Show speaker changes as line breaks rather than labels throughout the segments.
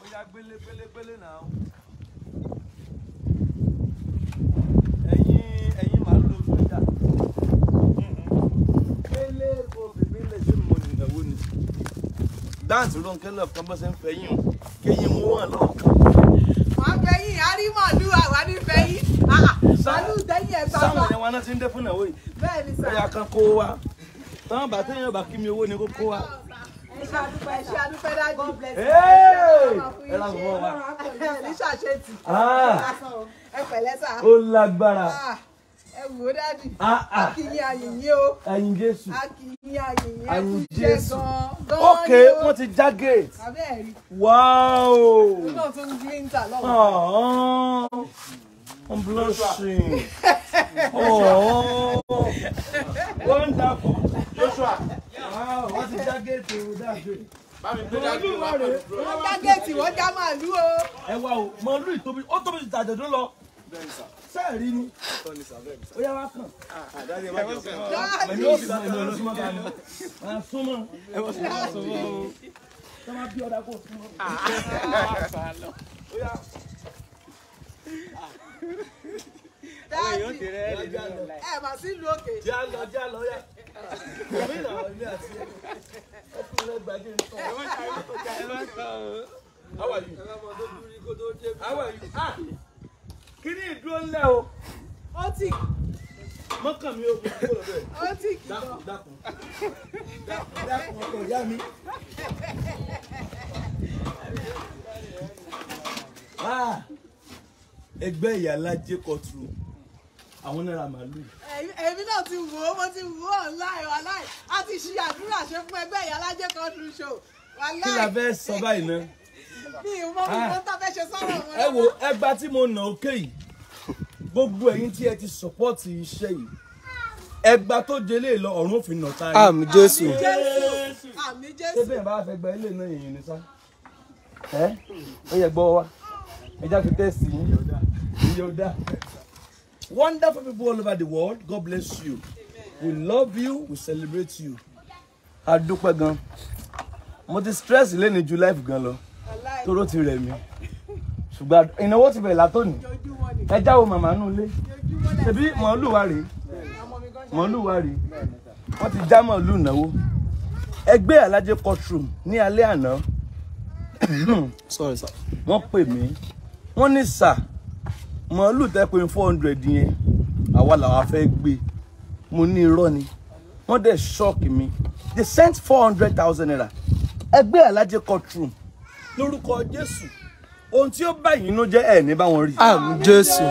ó yá gbélé gbélé gbélé náà. ẹ̀yin ẹ̀yin màálù ló fi dà. gbélé obìnrin lè ṣe mọ̀ nìyàwó ni. dáǹsì Rónkẹ́ lọ́ọ̀ kan ń fẹ́ yín o kéyìn mú wọn lọ.
wọ́n fẹ́ yín arímọ̀lú àwa nífẹ̀ẹ́ yín ah, màálù dẹ́yìn ẹ̀ bá wà. sáwọn ẹ̀yẹ
wọn náà ti ń dẹ́ fún ìnáwó yìí. bẹ́ẹ̀ ni sà. ẹ̀yà kan kó wa. tọ́wọ́n bàtẹ́yìn ọ̀bà kí mi owó ni kó kó wa
ṣe àdúpẹ́ ṣe àdúpẹ́ dájú. ẹ làwọn ọmọ wa. Elisha ṣe tì. ẹ pẹ̀lẹ́ sà. ó lágbára. Ah! ẹ wò ó dájú. Ah, ah. a kì o.
àyìn Jésù. a
kì í àyìnyín. àyìn Jésù. ok wọ́n ti já gate. abẹ́ẹ̀rí. Wow! ó náà tún gíríntà
lọ́wọ́. I'm blushing. oh, wonderful.
Joshua wọ́n ti já
géètì o dáadé. olúwa rè wọ́n já géètì wọ́n já màálù o. ẹ
wá sí lu òkè.
díà lọ díà lọ How are you? How are you? Ah! Kí ni ìdúró ńlẹ̀ o? Ó ti. Mọ́kàn mi ò bí kúrò bẹ́ẹ̀. Ó ti kì í lọ. Dákun dákun. Dákun ìyá mi. Ẹgbẹ́ àwọn náírà màálù.
èmi náà ti wò ó mo ti wò ó online online a ti ṣe àdúrà ṣe fún ẹgbẹ́ ìyá alájẹ́ country show. kí la fẹ́ sọ báyìí náà. mi ò mọ bí wọ́n tàbí ṣe sọ̀rọ̀
wọn. ẹ wo ẹgbà tí mo nà ókè yìí gbogbo ẹ̀yin tí ẹ ti sọ̀pọ́ọ̀tì iṣẹ́ yìí ẹgbà tó délé lọ ọ̀run ò fi nà ta yìí. àmì jésù àmì jésù. ṣé bẹ́ẹ̀ bá fẹ́ gba ilé náà èèyàn ní sá ẹ wa ẹ jáde tẹ́sì Wonderful people all over the world. God bless you. Amen. We love you. We celebrate you. A dúpẹ́ gan. Mo the stress ilé ní ju life gan lọ. Tóró ti rẹ̀ mí. Ṣùgbọ́n ìnáwó ti bẹ̀rẹ̀ látòní. Ẹ jáwó màmá nù ilé. my mọ̀ọ́lù wa rèé. Mọ̀ọ́lù wa rèé. Wọ́n ti já mọ̀ọ́lù ìnáwó. Ẹgbẹ́ Alájẹ courtroom ní alẹ́ àná. Sorry sir. Wọ́n pè mí. Wọ́n ní sà màálù tẹ́pin four hundred yẹn àwa làwa fẹ́ gbé mo ní irọ́ ni wọ́n dẹ̀ ṣọ́ọ̀kì mi they sent four hundred thousand naira ẹgbẹ́ alájẹ courtroom lórúkọ jésù ohun tí ó báyìí ló jẹ́ ẹ̀ ní báwọn rí. àmín jésù.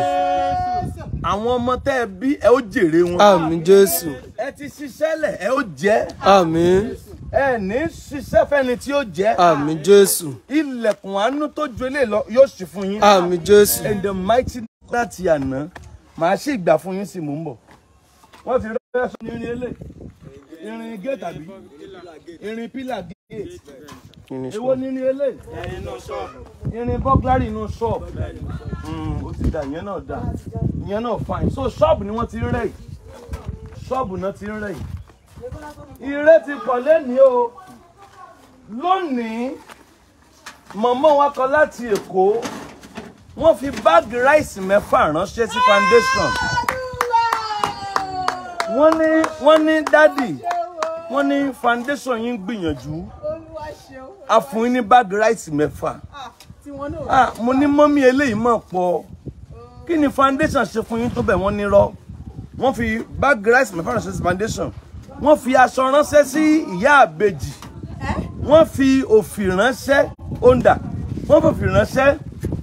àwọn ọmọ tẹ́ ẹ bí ẹ ó jèrè wọn. àmín jésù. ẹ ti ṣiṣẹ́ lẹ̀ ẹ ó jẹ́. àmín ẹ ní ṣiṣẹ́ fẹ́ni tí ó jẹ́. àmín jésù. ilẹ̀kùn àánú tó ju eléyìí lọ yóò ṣí fún yín. àmín jésù. in the mighty name láti àná màá sì gbà fún yín sí mò ń bọ̀. wọ́n ti rẹ́ sọ ní irin elé irin gate àbí irin pillar gate. èwo ní irin elé irin bọ́gláàrì inú ṣọ́ọ̀bù hmm, ó ti dà ìyẹn náà dà ìyẹn náà fine so ṣọ́ọ̀bù ni wọ́n ti rẹ̀ yìí ṣọ́ọ̀bù náà ti rẹ̀ yìí ire ti pọ̀ lẹ́nìí o lónìí mọ̀mọ́ wa kan láti Èkó wọ́n fi báàgì ráìsì mẹ́fà ránṣẹ́ sí foundation wọ́n ní wọ́n ní dádì wọ́n ní foundation yín gbìyànjú a fún yín ní báàgì ráìsì mẹ́fà mo ní mọ́mí eléyìí mọ̀ pọ̀ oh. kí ni foundation ṣe fún yín tó bẹ̀ wọ́n nírọ́ wọ́n fi báàgì ráìsì mẹ́fà ránṣẹ́ sí foundation wọ́n fi aṣọ ránṣẹ́ sí ìyá àbejì wọ́n fi òfì ránṣẹ́ ondà wọ́n fòfì ránṣẹ́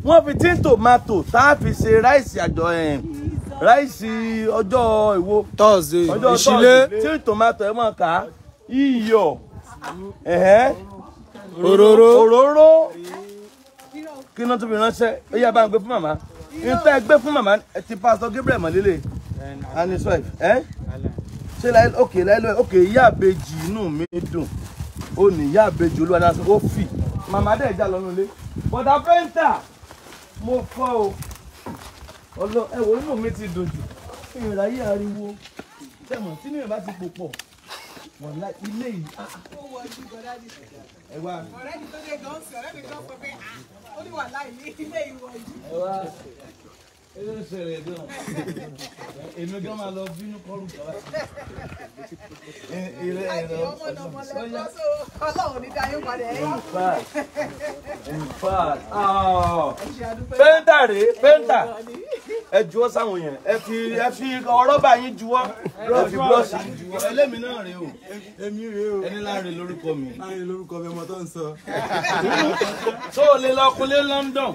wọ́n fi tí tòmátò tá a fi ṣe ráìsì àjọ ráìsì ọjọ́ èwo tọ́sídẹ̀ẹ́ ọjọ́ tọ́sídẹ̀ẹ́ tí tòmátò ẹ̀ mọ̀ ká iyọ̀ òróró òróró kí náà tún fi ránṣẹ́ ó yá bá ń gbé fún màmá níta ẹ gbé fún màmá ti pásítọ̀ Gabriel mọ̀lélẹ̀ and his wife. Eh? ṣé láìlọ òkè láìlọ òkè ìyá àbejì inú mi dùn ó ní ìyá àbejì olúwadásí ó fì màmá dẹ̀ já lọ́nu ilé bọ̀dà pẹ́ńtà mo fọ́ o ọlọ ẹwọ inú mi ti dùn jù ìrìnàyè ariwo tẹmọ tí nìyẹn bá ti pò pọ̀ wọ̀lá ilé yìí. ó wọ ojú
bọ́dá di ṣẹ̀dá. ẹ ọ̀rẹ́ mi tó dé gan-an sí ọ̀rẹ́ mi gan sọ pé ah, ó ní wàhálà ilé ìwọ̀ ojú
ẹ̀rọ sẹ̀rẹ̀ gan èmi gan máa lọ bínú kọ́lù kọ́lá. ilé ẹ̀rọ
ọlọ́run ní dayé padà ẹ̀yìn. in fact
in fact pẹ́ńtà rèé pẹ́ńtà ẹ juwọ́ sáwọn yẹn ẹ fi ẹ fi rọ́bà yín juwọ́ ẹ fi búrọ́ọ̀ṣì yín juwọ́. ẹlẹ́mi náà rèé o èmi rèé o ẹni láàrin lórúkọ mi. láàrin lórúkọ mi ọmọ tó ń sọ. tó o lè lọ kulé London.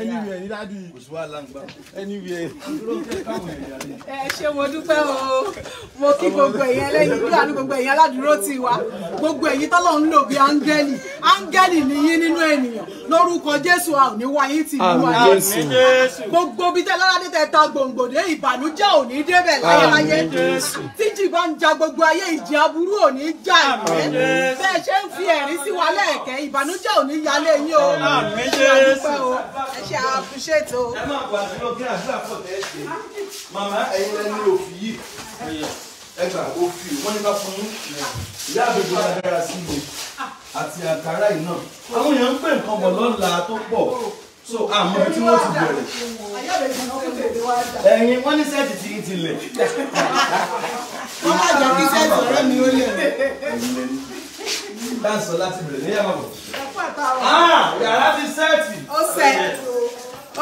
ẹni rẹ̀ ní dádì. kò sí wàhálà ń gbà anywhere.
ẹ ṣé mo dúpẹ́ o mo kí gbogbo ẹ̀yin ẹlẹ́yin bí àánú gbogbo ẹ̀yin aládùúró ti wá gbogbo ẹ̀yin tọ́lọ̀ ń lò bí áńgẹ́lì áńgẹ́lì nìyí nínú ènìyàn lórúkọ Jésù a ò ní wá yín tì ní wá gbogbo bí tẹ lọ́ládé tẹ ta gbòǹgbòdè ìbànújẹ́ ò ní débẹ̀ láyéláyé tíjì bá ń ja gbogbo ayé ìjì aburú ò ní já ìpẹ́ bẹ́ẹ̀ ṣe ń fi ẹ̀rín sí wa lẹ́ẹ̀kẹ́ ìbànújẹ́ ò ní yálé yín o ẹ ṣe àdúpẹ́ ẹ ṣe àfúnṣètò
àdúrà pọ̀ tẹ́ ẹ ṣe màmá ẹ̀yin lẹ́nu òfin yìí ẹgbà òfin wọ́n ní ká fún un ìyá àgbègbè agbára sí mi àti àkàrà yìí náà àwọn èèyàn ń pè nǹkan bọ̀ lọ́la tó pọ̀ so àmọ́ tí wọ́n ti bẹ̀rẹ̀ ẹ̀yin wọ́n ní sẹ́ẹ̀tì tí ń tilẹ̀. wọ́n má jẹ́ kí sẹ́ẹ̀tì ọ̀rẹ́ mi ó lè dáńsọ̀ láti bẹ̀rẹ̀ ní yàrá ah, yàrá ti sẹ́ẹ̀tì. ó sẹ́ẹ̀tì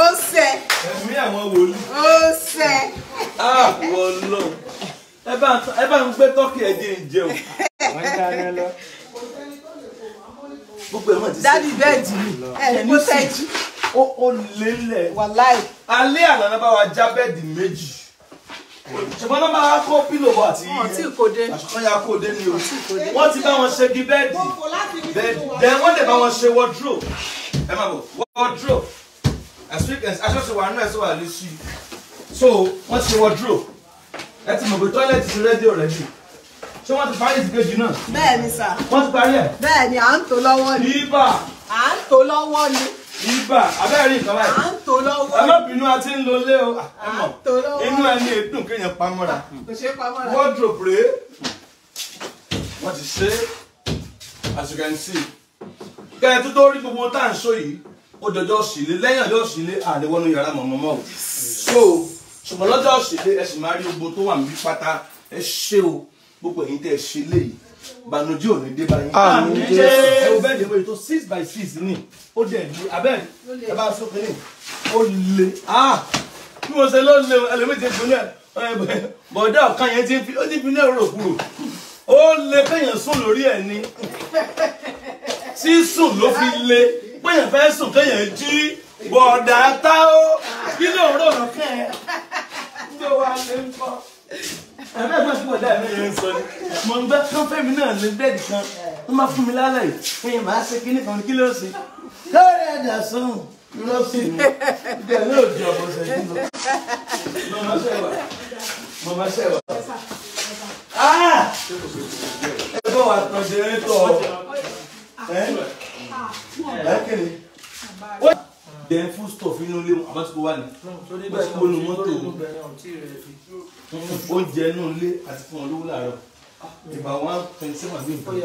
ó ṣe. ẹ̀mí àwọn wòlíì.
ó ṣe.
àwọ̀ ah, lọ ẹ bá ń gbé tọ́kì ẹ̀ dín in jẹun. wọ́n dáná lọ. gbogbo ẹ̀ mọ̀ ti sẹ́yìn. dádì bẹ́ẹ̀ jì mí ẹ̀ kó tẹ́jú. ó ó lélẹ̀. wàláì. alẹ́ àná náà bá wa já bẹ́ẹ̀dì méjì ṣùgbọ́n náà máa kó pílòbù àti iye àṣùkọ́ ya kó dé ní o wọ́n ti bá wọn ṣe di bẹ́ẹ̀dì
bẹ́ẹ̀dì wọ́n lè bá wọn
ṣe wọ́dúrò ẹ máa bọ̀ wọ́dúrò experience aṣọ́ṣe wà nínú ẹ̀ sọ wà lè ṣí so wọ́n ti ṣe wardrobe ẹ ti mọ̀ toilet ti ready already So wọ́n ti parí ìsìnkejì náà. bẹ́ẹ̀ni sà. wọ́n ti parí ẹ̀.
bẹ́ẹ̀ni à ń tò lọ́wọ́ ni. ibà. à ń tò lọ́wọ́ ni.
ibà abẹ́rẹ́ rí nǹkan báyìí. à ń tò lọ́wọ́ ni. ẹ má bínú a ti o. à ń tò lọ́wọ́ ni. inú ẹni èdùn kéèyàn pamọ́ra.
kò ṣe é pamọ́ra.
wardrobe rèé wọ́n ti ṣe as you can see. kẹ́ẹ̀ tó tó rí gbogbo tá à ń sọ yìí ó dọjọ́ òṣìlé lẹ́yìn ọjọ́ òṣìlé àlewọ́nú yàrá mọ̀mọ́mọ́ o so ṣùgbọ́n lọ́jọ́ òṣìlé ẹ sì máa rí gbogbo tó wà níbí pátá ẹ ṣé o gbogbo èyí tẹ́ ẹ ṣe léyìí bànújẹ́ ò ní dé bá yín. jẹ́ ẹ o bẹ́ẹ̀ dẹ́gbẹ́ tó six by six ni ó dẹ̀ lu abẹ́ ẹ bá sókè ní ó le bí mo ṣe ló le ẹlòmíì ti fi ní ẹ bọ̀dá ọ̀kan yẹn ti fi ó ti fi ní ẹ̀rọ kúrò ó le kéèyàn sùn lórí ẹ̀ ni sísùn ló fi le péyàn fẹ́ sùn kéyàn jí bọ̀dà tá ó kí ló ń rònà kẹ́ ẹ gbé wa lè ń bọ́. ẹ̀rọ ẹ̀gbọ́n tí bọ̀dà mi yẹn ń sọ ni mo ń gbẹ́ kán fẹ́mi náà lé bẹ́ẹ̀dì kan wọ́n máa fún mi lálẹ́ yìí pé màá ṣe kí nìkan kí ló ṣe lórí ẹ̀dà sùn ló sì ní ìdẹ̀ lóò di ọ̀pọ̀ sẹ́yìn lọ. mọ̀mọ́ sẹ́wà mọ̀mọ́ sẹ́wà ẹ̀gbọ́n wa tọ̀jẹ̀ ń tọ̀ ẹ́ ẹ kéde ó dẹ̀ fún stọ̀f inú ilé àbátúkọ wà ní báṣubú nu mọ́tò oúnjẹ inú ilé àti fún olówó làárọ̀ ìgbà wọn twenty seven àbí nǹkan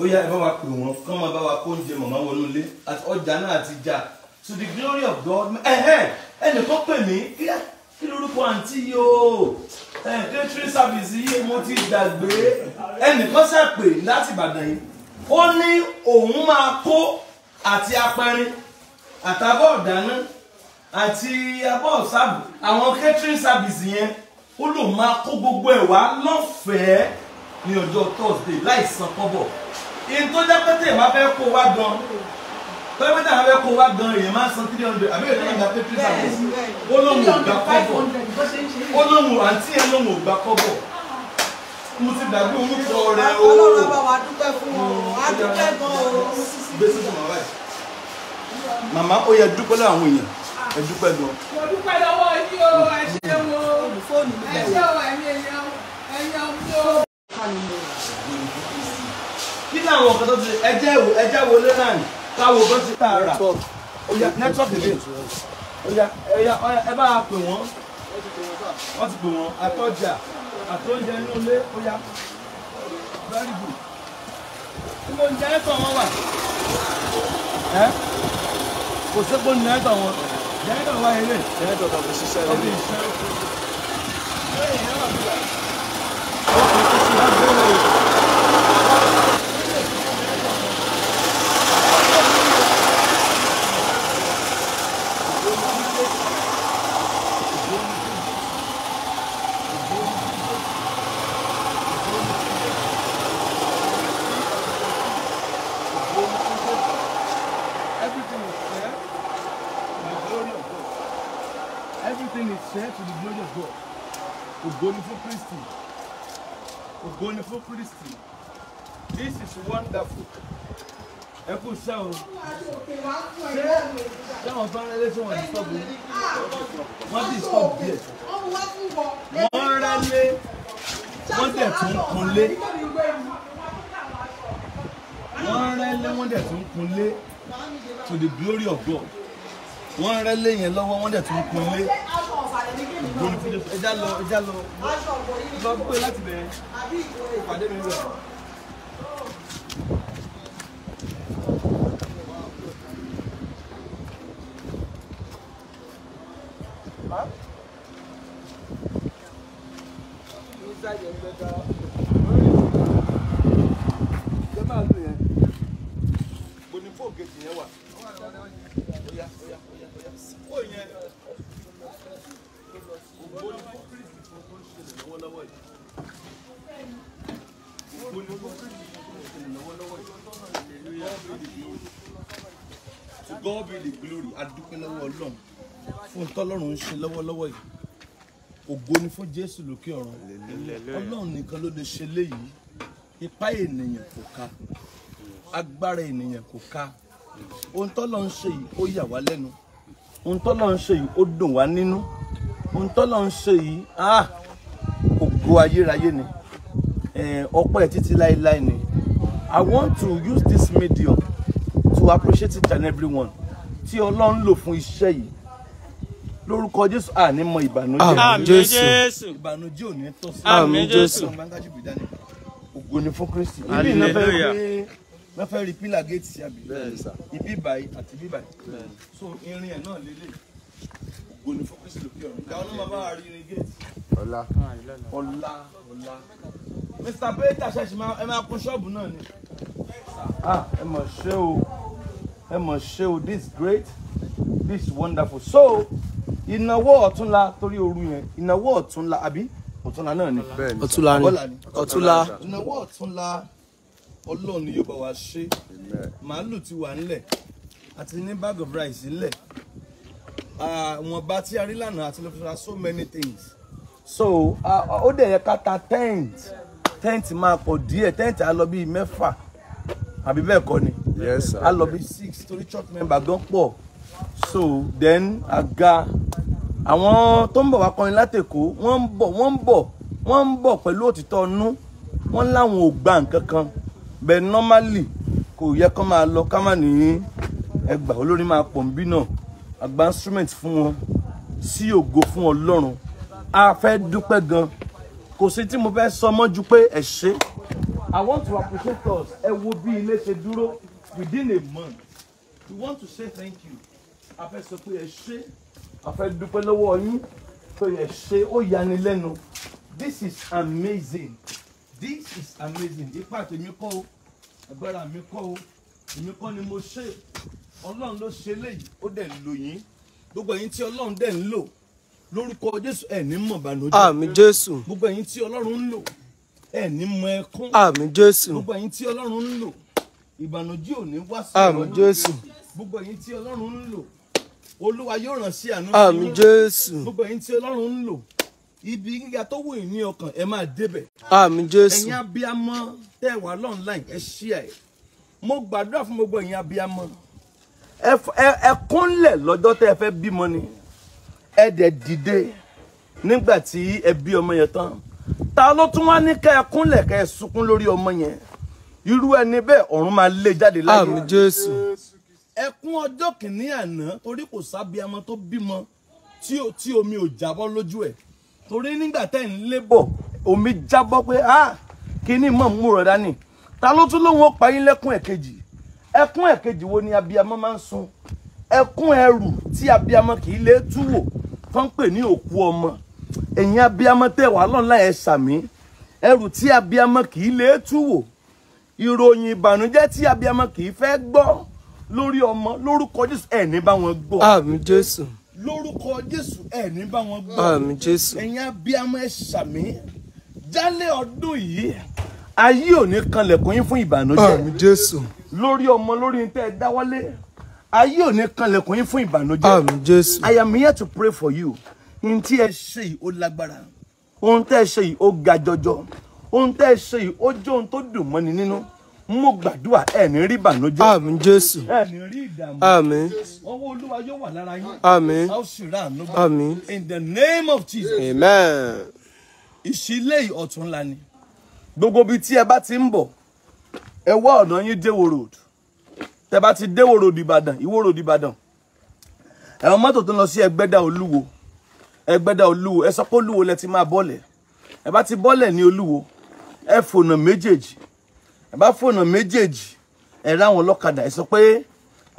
ó yá ẹ bá wa pè wọn kán máa bá wa kó oúnjẹ màmá wọnú ilé ọjà náà àti jà to the glory of God ẹnìkan pè mí kí lorúkọ àǹtí yìí o catering service yìí mo ti gbàgbé ẹnìkan ṣàpè láti Ìbàdàn yìí ó ní òun máa kó àti apẹrin àtàbọ̀ ọ̀dáná àti abọ́ ọ̀sáàbù àwọn catering service yẹn ó lòun máa kó gbogbo ẹ̀ wá lọ́fẹ̀ẹ́ ní ọjọ́ thursday láì san kọ́bọ̀ ìyẹn tó jẹ́ pété máa fẹ́ kó wá gan tọ́jú pété máa fẹ́ kó wá gan èèyàn máa san three hundred àbí èèyàn gba catering service
ó lóun ò gbà kọ́bọ̀ ó lóun
àǹtí yẹn lóun ò gbà kọ́bọ̀ mo ti gbàgbé orúkọ rẹ o. ọlọ́run ọba
wa dúpẹ́ fún ọ a hmm, dúpẹ́ gan o.
gbèsè tó màmá yìí màmá ó yẹ dúpẹ́ lọ́wọ́ àwọn èèyàn ẹ dúpẹ́ gan.
mo dúpẹ́ lọ́wọ́ yín o ẹ hmm. ṣe wo ẹ ṣe wo ẹ̀yin èèyàn ẹ̀yin ọmọ.
kí ni àwọn nǹkan tó ti ẹjẹ́ wo ẹjẹ́ wo lé náà káwo bó ti tà rà network ìlú ó ẹ bá a pè wọ́n wọ́n ti pè wọ́n àtọ́jà àtòúnjẹ inú ilé ó very good gbogbo oúnjẹ ẹ̀tọ́ wọn wà ẹ kò sépò nínú ẹ̀tọ́ wọn jẹ́ẹ̀tọ̀ wá eré jẹ́ẹ̀tọ̀ tàbí ṣiṣẹ́ rẹ̀ ọ̀gbìn ìṣẹ́ ó kì í ṣe láti ògo ni fún Kristi ògo ni fún this is wonderful ẹ kú sẹ́ o
ṣé
táwọn fẹ́ràn lé sí wọn disturb wọn disturb
díẹ̀ wọ́n rẹ́lé wọ́n
dẹ̀ tún kunlé
wọ́n rẹ́lé wọ́n
dẹ̀ tún kunlé to the glory of God wọ́n rẹ́lé yẹn lọ́wọ́ wọ́n dẹ̀ tún kunlé
ìgbóni fún jésù ẹja lọ
ẹja lọ lọ gbé láti bẹ̀rẹ̀ ìpàdé mi rẹ̀. Huh? tọ́lọ́run ń ṣe lọ́wọ́lọ́wọ́ yìí ògo ni fún jésù lókè ọ̀run ọlọ́run nìkan ló lè ṣe léyìí ipá ènìyàn kò ká agbára ènìyàn kò ká ohun tọ́lọ́ ń ṣe yìí ó yà wá lẹ́nu ohun tọ́lọ́ ń ṣe yìí ó dùn wá nínú ohun tọ́lọ́ ń ṣe yìí ah, ògo ayérayé ni ọpẹ́ títí láéláé ni I want to use this medium to appreciate each and everyone tí ọlọ́run lò fún iṣẹ́ yìí lórúkọ jésù àní mọ ìbànújẹ́ àmín jésù ìbànújẹ́ ò ní tọ́ sí àmín jésù ògo ni fún kristi ibi iná fẹ́ pé wọ́n fẹ́ rí pílà géètì sí àbí ibi ìbàyí àti ibi ìbàyí so irin ẹ̀ náà lélẹ̀ ògo ni fún kristi lókè ọ̀run ìdáwọ́ náà bá rí irin géètì ọ̀la ọ̀la ọ̀la mr peter ṣẹ̀ṣì máa ẹ máa kún ṣọ́ọ̀bù náà ni. ah ẹ mọ̀ ṣé o ẹ mọ̀ ṣé o this great this wonderful so ìnáwó ọ̀túnla torí ooru yẹn ìnáwó ọ̀túnla àbí ọ̀túnla náà ni ọ̀túnla ni ọ̀túnla ìnáwó ọ̀túnla ọlọ́run ni yóò bá wa ṣe màálù ti wà ńlẹ̀ àti ní bag of rice ńlẹ̀ àwọn bá tí a lánàá àti lọ fi so many things. so ó dẹ̀ yẹ ká ta tent tent máa pọ̀ díẹ̀ tent á lọ bíi mẹ́fà àbí bẹ́ẹ̀ kọ́ ni á lọ bíi six torí church member gan pọ̀ so then àga àwọn tó ń bọ̀ wá kọrin látèkó wọ́n ń bọ̀ wọ́n ń bọ̀ wọ́n ń bọ̀ pẹ̀lú òtítọ́ inú wọ́n láwọn ò gba nǹkan kan bẹ́ẹ̀ normally kò yẹ kán máa lọ ká má ní ẹgbà olórí máa pọ̀ ń bí náà àgbà instrument fún wọn sí ògo fún ọlọ́run a fẹ́ dúpẹ́ gan kò sí tí mo fẹ́ sọ mọ́ ju pé ẹ ṣe I want to appreciate us ẹ wo bí ilé ṣe dúró within a month we want to say thank you a sọ pé ẹ ṣé a dúpẹ́ lọ́wọ́ yín pé ẹ ṣé ó yanilẹ́nu this is amazing this is amazing ipá tèmi kọ́ o agbára mi kọ́ o èmi kọ́ ni mo ṣe ọlọ́run ló ṣe léyìí ó dẹ̀ lò yín gbogbo ẹ̀yin tí ọlọ́run dẹ̀ ń lò lórúkọ jésù ẹ̀ ní mọ̀ bànújẹ́ àmín jésù gbogbo ẹ̀yin tí ọlọ́run ń lò ẹ̀ ní mọ̀ ẹkún àmín jésù gbogbo ẹ̀yin tí ọlọ́run ń lò ìbànújẹ́ ò wá sí ọlọ́run àmín jésù gbogbo ẹ̀yin tí ọlọ́run ń lò olúwa yóò ràn sí àánú. àmín jésù. gbogbo ẹ̀yin tí ọlọ́run ń lò ibi gíga tó wù yín ní ọkàn ẹ máa débẹ̀. àmín jésù. ẹ̀yin abiyamọ tẹ́ wà online ẹ share ẹ̀ mo gbàdúrà fún gbogbo ẹ̀yin abiyamọ. ẹ kúnlẹ̀ lọ́jọ́ tẹ́ ẹ fẹ́ bímọ ni ẹ dẹ̀ dìde nígbà tí ẹ bí ọmọ yẹn tán ta ló tún wá ní kẹ́ ẹ kúnlẹ̀ kẹ́ ẹ sunkún lórí ọmọ yẹn irú ẹni bẹ́ẹ̀ ọ̀run máa lé jáde láyé. àmín jésù. jésù ẹkún ọjọ́ kìíní àná torí kò sábíamọ tó bímọ tí o tí omi ò jábọ́ lójú ẹ̀ torí nígbà tẹ́ ń lébọ̀ omi jábọ́ pé ah kíní mọ̀ mú rọ̀ dání ta ló tún lóun ó pa yín lẹ́kún ẹ̀kejì ẹkún ẹ̀kejì wo ni abiyamọ máa ń sun ẹkún ẹrù tí abiyamọ kì í lè túwò fọ́n pè ní òkú ọmọ ẹ̀yin abiyamọ tẹ̀ wá lọ́nà ẹ̀ sàmí ẹrù tí abiyamọ kì í lè túwò ìròyìn ìbànújẹ́ tí abiyamọ kì í fẹ́ gbọ́ lórí ọmọ lórúkọ jésù ẹ ní bá wọn gbọ́. àmín jésù. lórúkọ jésù ẹ ní bá wọn gbọ́. àmín jésù. ẹ̀yin abiyamọ ẹ ṣàmì jálẹ̀ ọdún yìí ayé ò ní kanlẹ̀kùn yín fún ìbànújẹ́. àmín jésù. lórí ọmọ lórí tẹ́ ẹ dáwọ́lé ayé ò ní kanlẹ̀kùn yín fún ìbànújẹ́. àmín jésù. I am here to pray for you. n tí ẹ ṣe yìí ó lágbára ohun tẹ́ ẹ ṣe yìí ó ga jọjọ ohun tẹ́ ẹ ṣe yìí ó jẹ́ ohun tó dùn mọ́ni nínú. No? mo gbàdúrà ẹ ní rí ìbànújẹ́. àmín jésù. ẹ ní olúwa yóò wà lára yín. àmín. a in the name of jesus. amen. ìṣílẹ̀ ọ̀tún ńlá ni. gbogbo ibi tí ẹ bá ti ń bọ̀ ẹ wá ọ̀nà yín déwò road tẹ bá ti déwò road ìbàdàn ìwó road ìbàdàn àwọn mọ́tò tó ń lọ sí ẹgbẹ́dà olúwo ẹgbẹ́dà olúwo ẹ sọ pé olúwo lẹ ti máa bọ́lẹ̀ ẹ bá ti bọ́lẹ̀ ní olúwo ẹ fònà méjèèjì ẹ bá fóònù méjèèjì ẹ ráwọn ọlọ́kadà ẹ sọ pé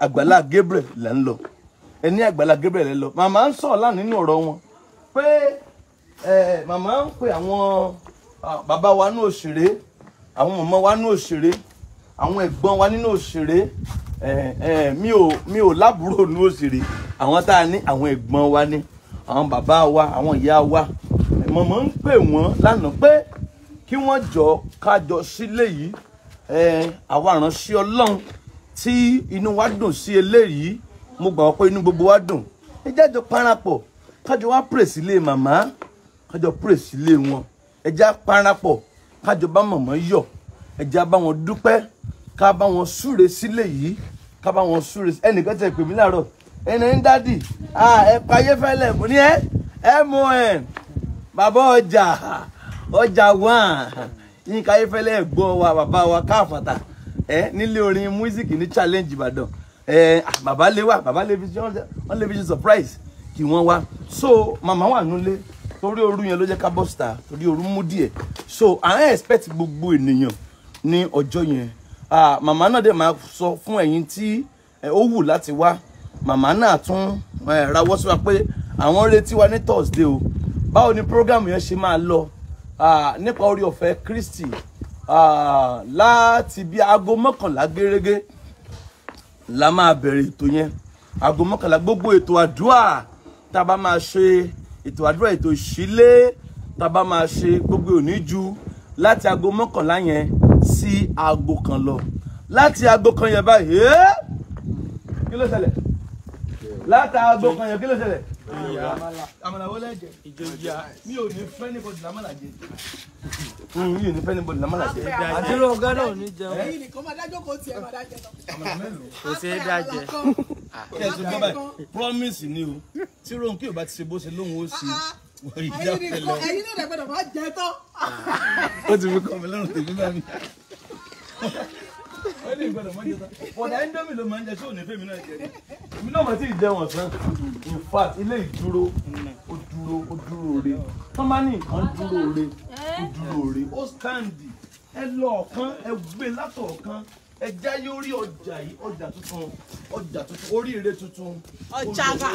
àgbàlá Gabriel là ń lọ ẹ ní àgbàlá Gabriel lẹ lọ màmá ń sọ̀rọ̀ lánàá nínú ọ̀rọ̀ wọn pé màmá ń pe àwọn bàbá wa nínú òṣèré àwọn màmá wa nínú òṣèré àwọn ẹ̀gbọ́n wa nínú òṣèré mi ò mi ò lábúrò nínú òṣèré àwọn tá a ní àwọn ẹ̀gbọ́n wa ní àwọn bàbá wa àwọn ìyá wa màmá ń pè wọ́n lánàá pé kí wọ́n jọ kájọ sílé yìí àwa ìránṣẹ́ ọlọ́run tí inú wa dùn sí eléyìí mo gbàgbọ́ pé inú gbogbo wa dùn ẹ jáde parapọ̀ kájọ wá pray sílé màmá kájọ pray sílé wọn ẹ já parapọ̀ kájọ bá màmá yọ̀ ẹ já bá wọn dúpẹ́ ká bá wọn súre sílé yìí ká bá wọn súre ẹnìkan tẹ pè mí láàárọ̀ ẹnì ń dádì ẹ pa ayéfẹ́lẹ́ mo ní ẹ mon bàbá ọjà ọjà one. Yínká Ayéfẹ́lẹ́ ẹ̀gbọ́n wa bàbá wa káàfàtà ẹ nílé orin music ní challenge Ìbàdàn ẹ bàbá lè wà bàbá lè fi ṣe wọn lè fi ṣe surprise kí wọ́n wá so màmá wà nulẹ̀ torí ooru yẹn ló jẹ́ ká bọ́sítà torí ooru mú díẹ̀ so à ń expect gbogbo ènìyàn ní ọjọ́ yẹn màmá náà dẹ̀ máa sọ fún ẹ̀yin tí ó wù láti wá màmá náà tún rawọ́ sí wa pé àwọn retí wa ní Thursday o báwo ni program yẹn ṣe máa lọ Ah, nípa orí ọ̀fẹ́ Kristi ah, láti bí aago mọ́kànlá gẹ́gẹ́ la máa bẹ̀rẹ̀ ètò yẹn aago mọ́kànlá gbogbo ètò àdúrà tá a bá máa ṣe ètò àdúrà ètò ìṣílé tá a bá máa ṣe gbogbo òní ju láti aago mọ́kànlá yẹn sí aago kan lọ láti aago kan yẹn báyìí eh, kí ló ṣẹlẹ̀ láti aago kan yẹn kí ló ṣẹlẹ̀ mi ò ní fẹ́ ní bọ́dì lámàlà jẹ. àdúrà ọ̀gá náà ní jẹun. ẹyin
nìkan máa dájọ́ kó tiẹ̀ máa dájẹ́ lọ.
kò ṣeé dájẹ́. kẹsùn ah, bàbá promise ni o tí Ronke ò bá ti ṣe bó ṣe lóhùn ó sì ah, ah. ìjà pẹ̀lẹ́. ẹyin
náà dẹ̀ gbọ́dọ̀ máa jẹ tán.
ó ti fi kọ́ mi lọ́rùn tèmi bá mi in fact ilé ìdúró ó dúró ó dúró re tó máa ní nǹkan dúró re ó dúró re ó stand ẹ lọ ọ̀kan ẹ gbé látọ̀ ọ̀kan ẹ já yóò rí ọjà yìí ọjà tuntun ọjà tuntun oríire tuntun ọjàgà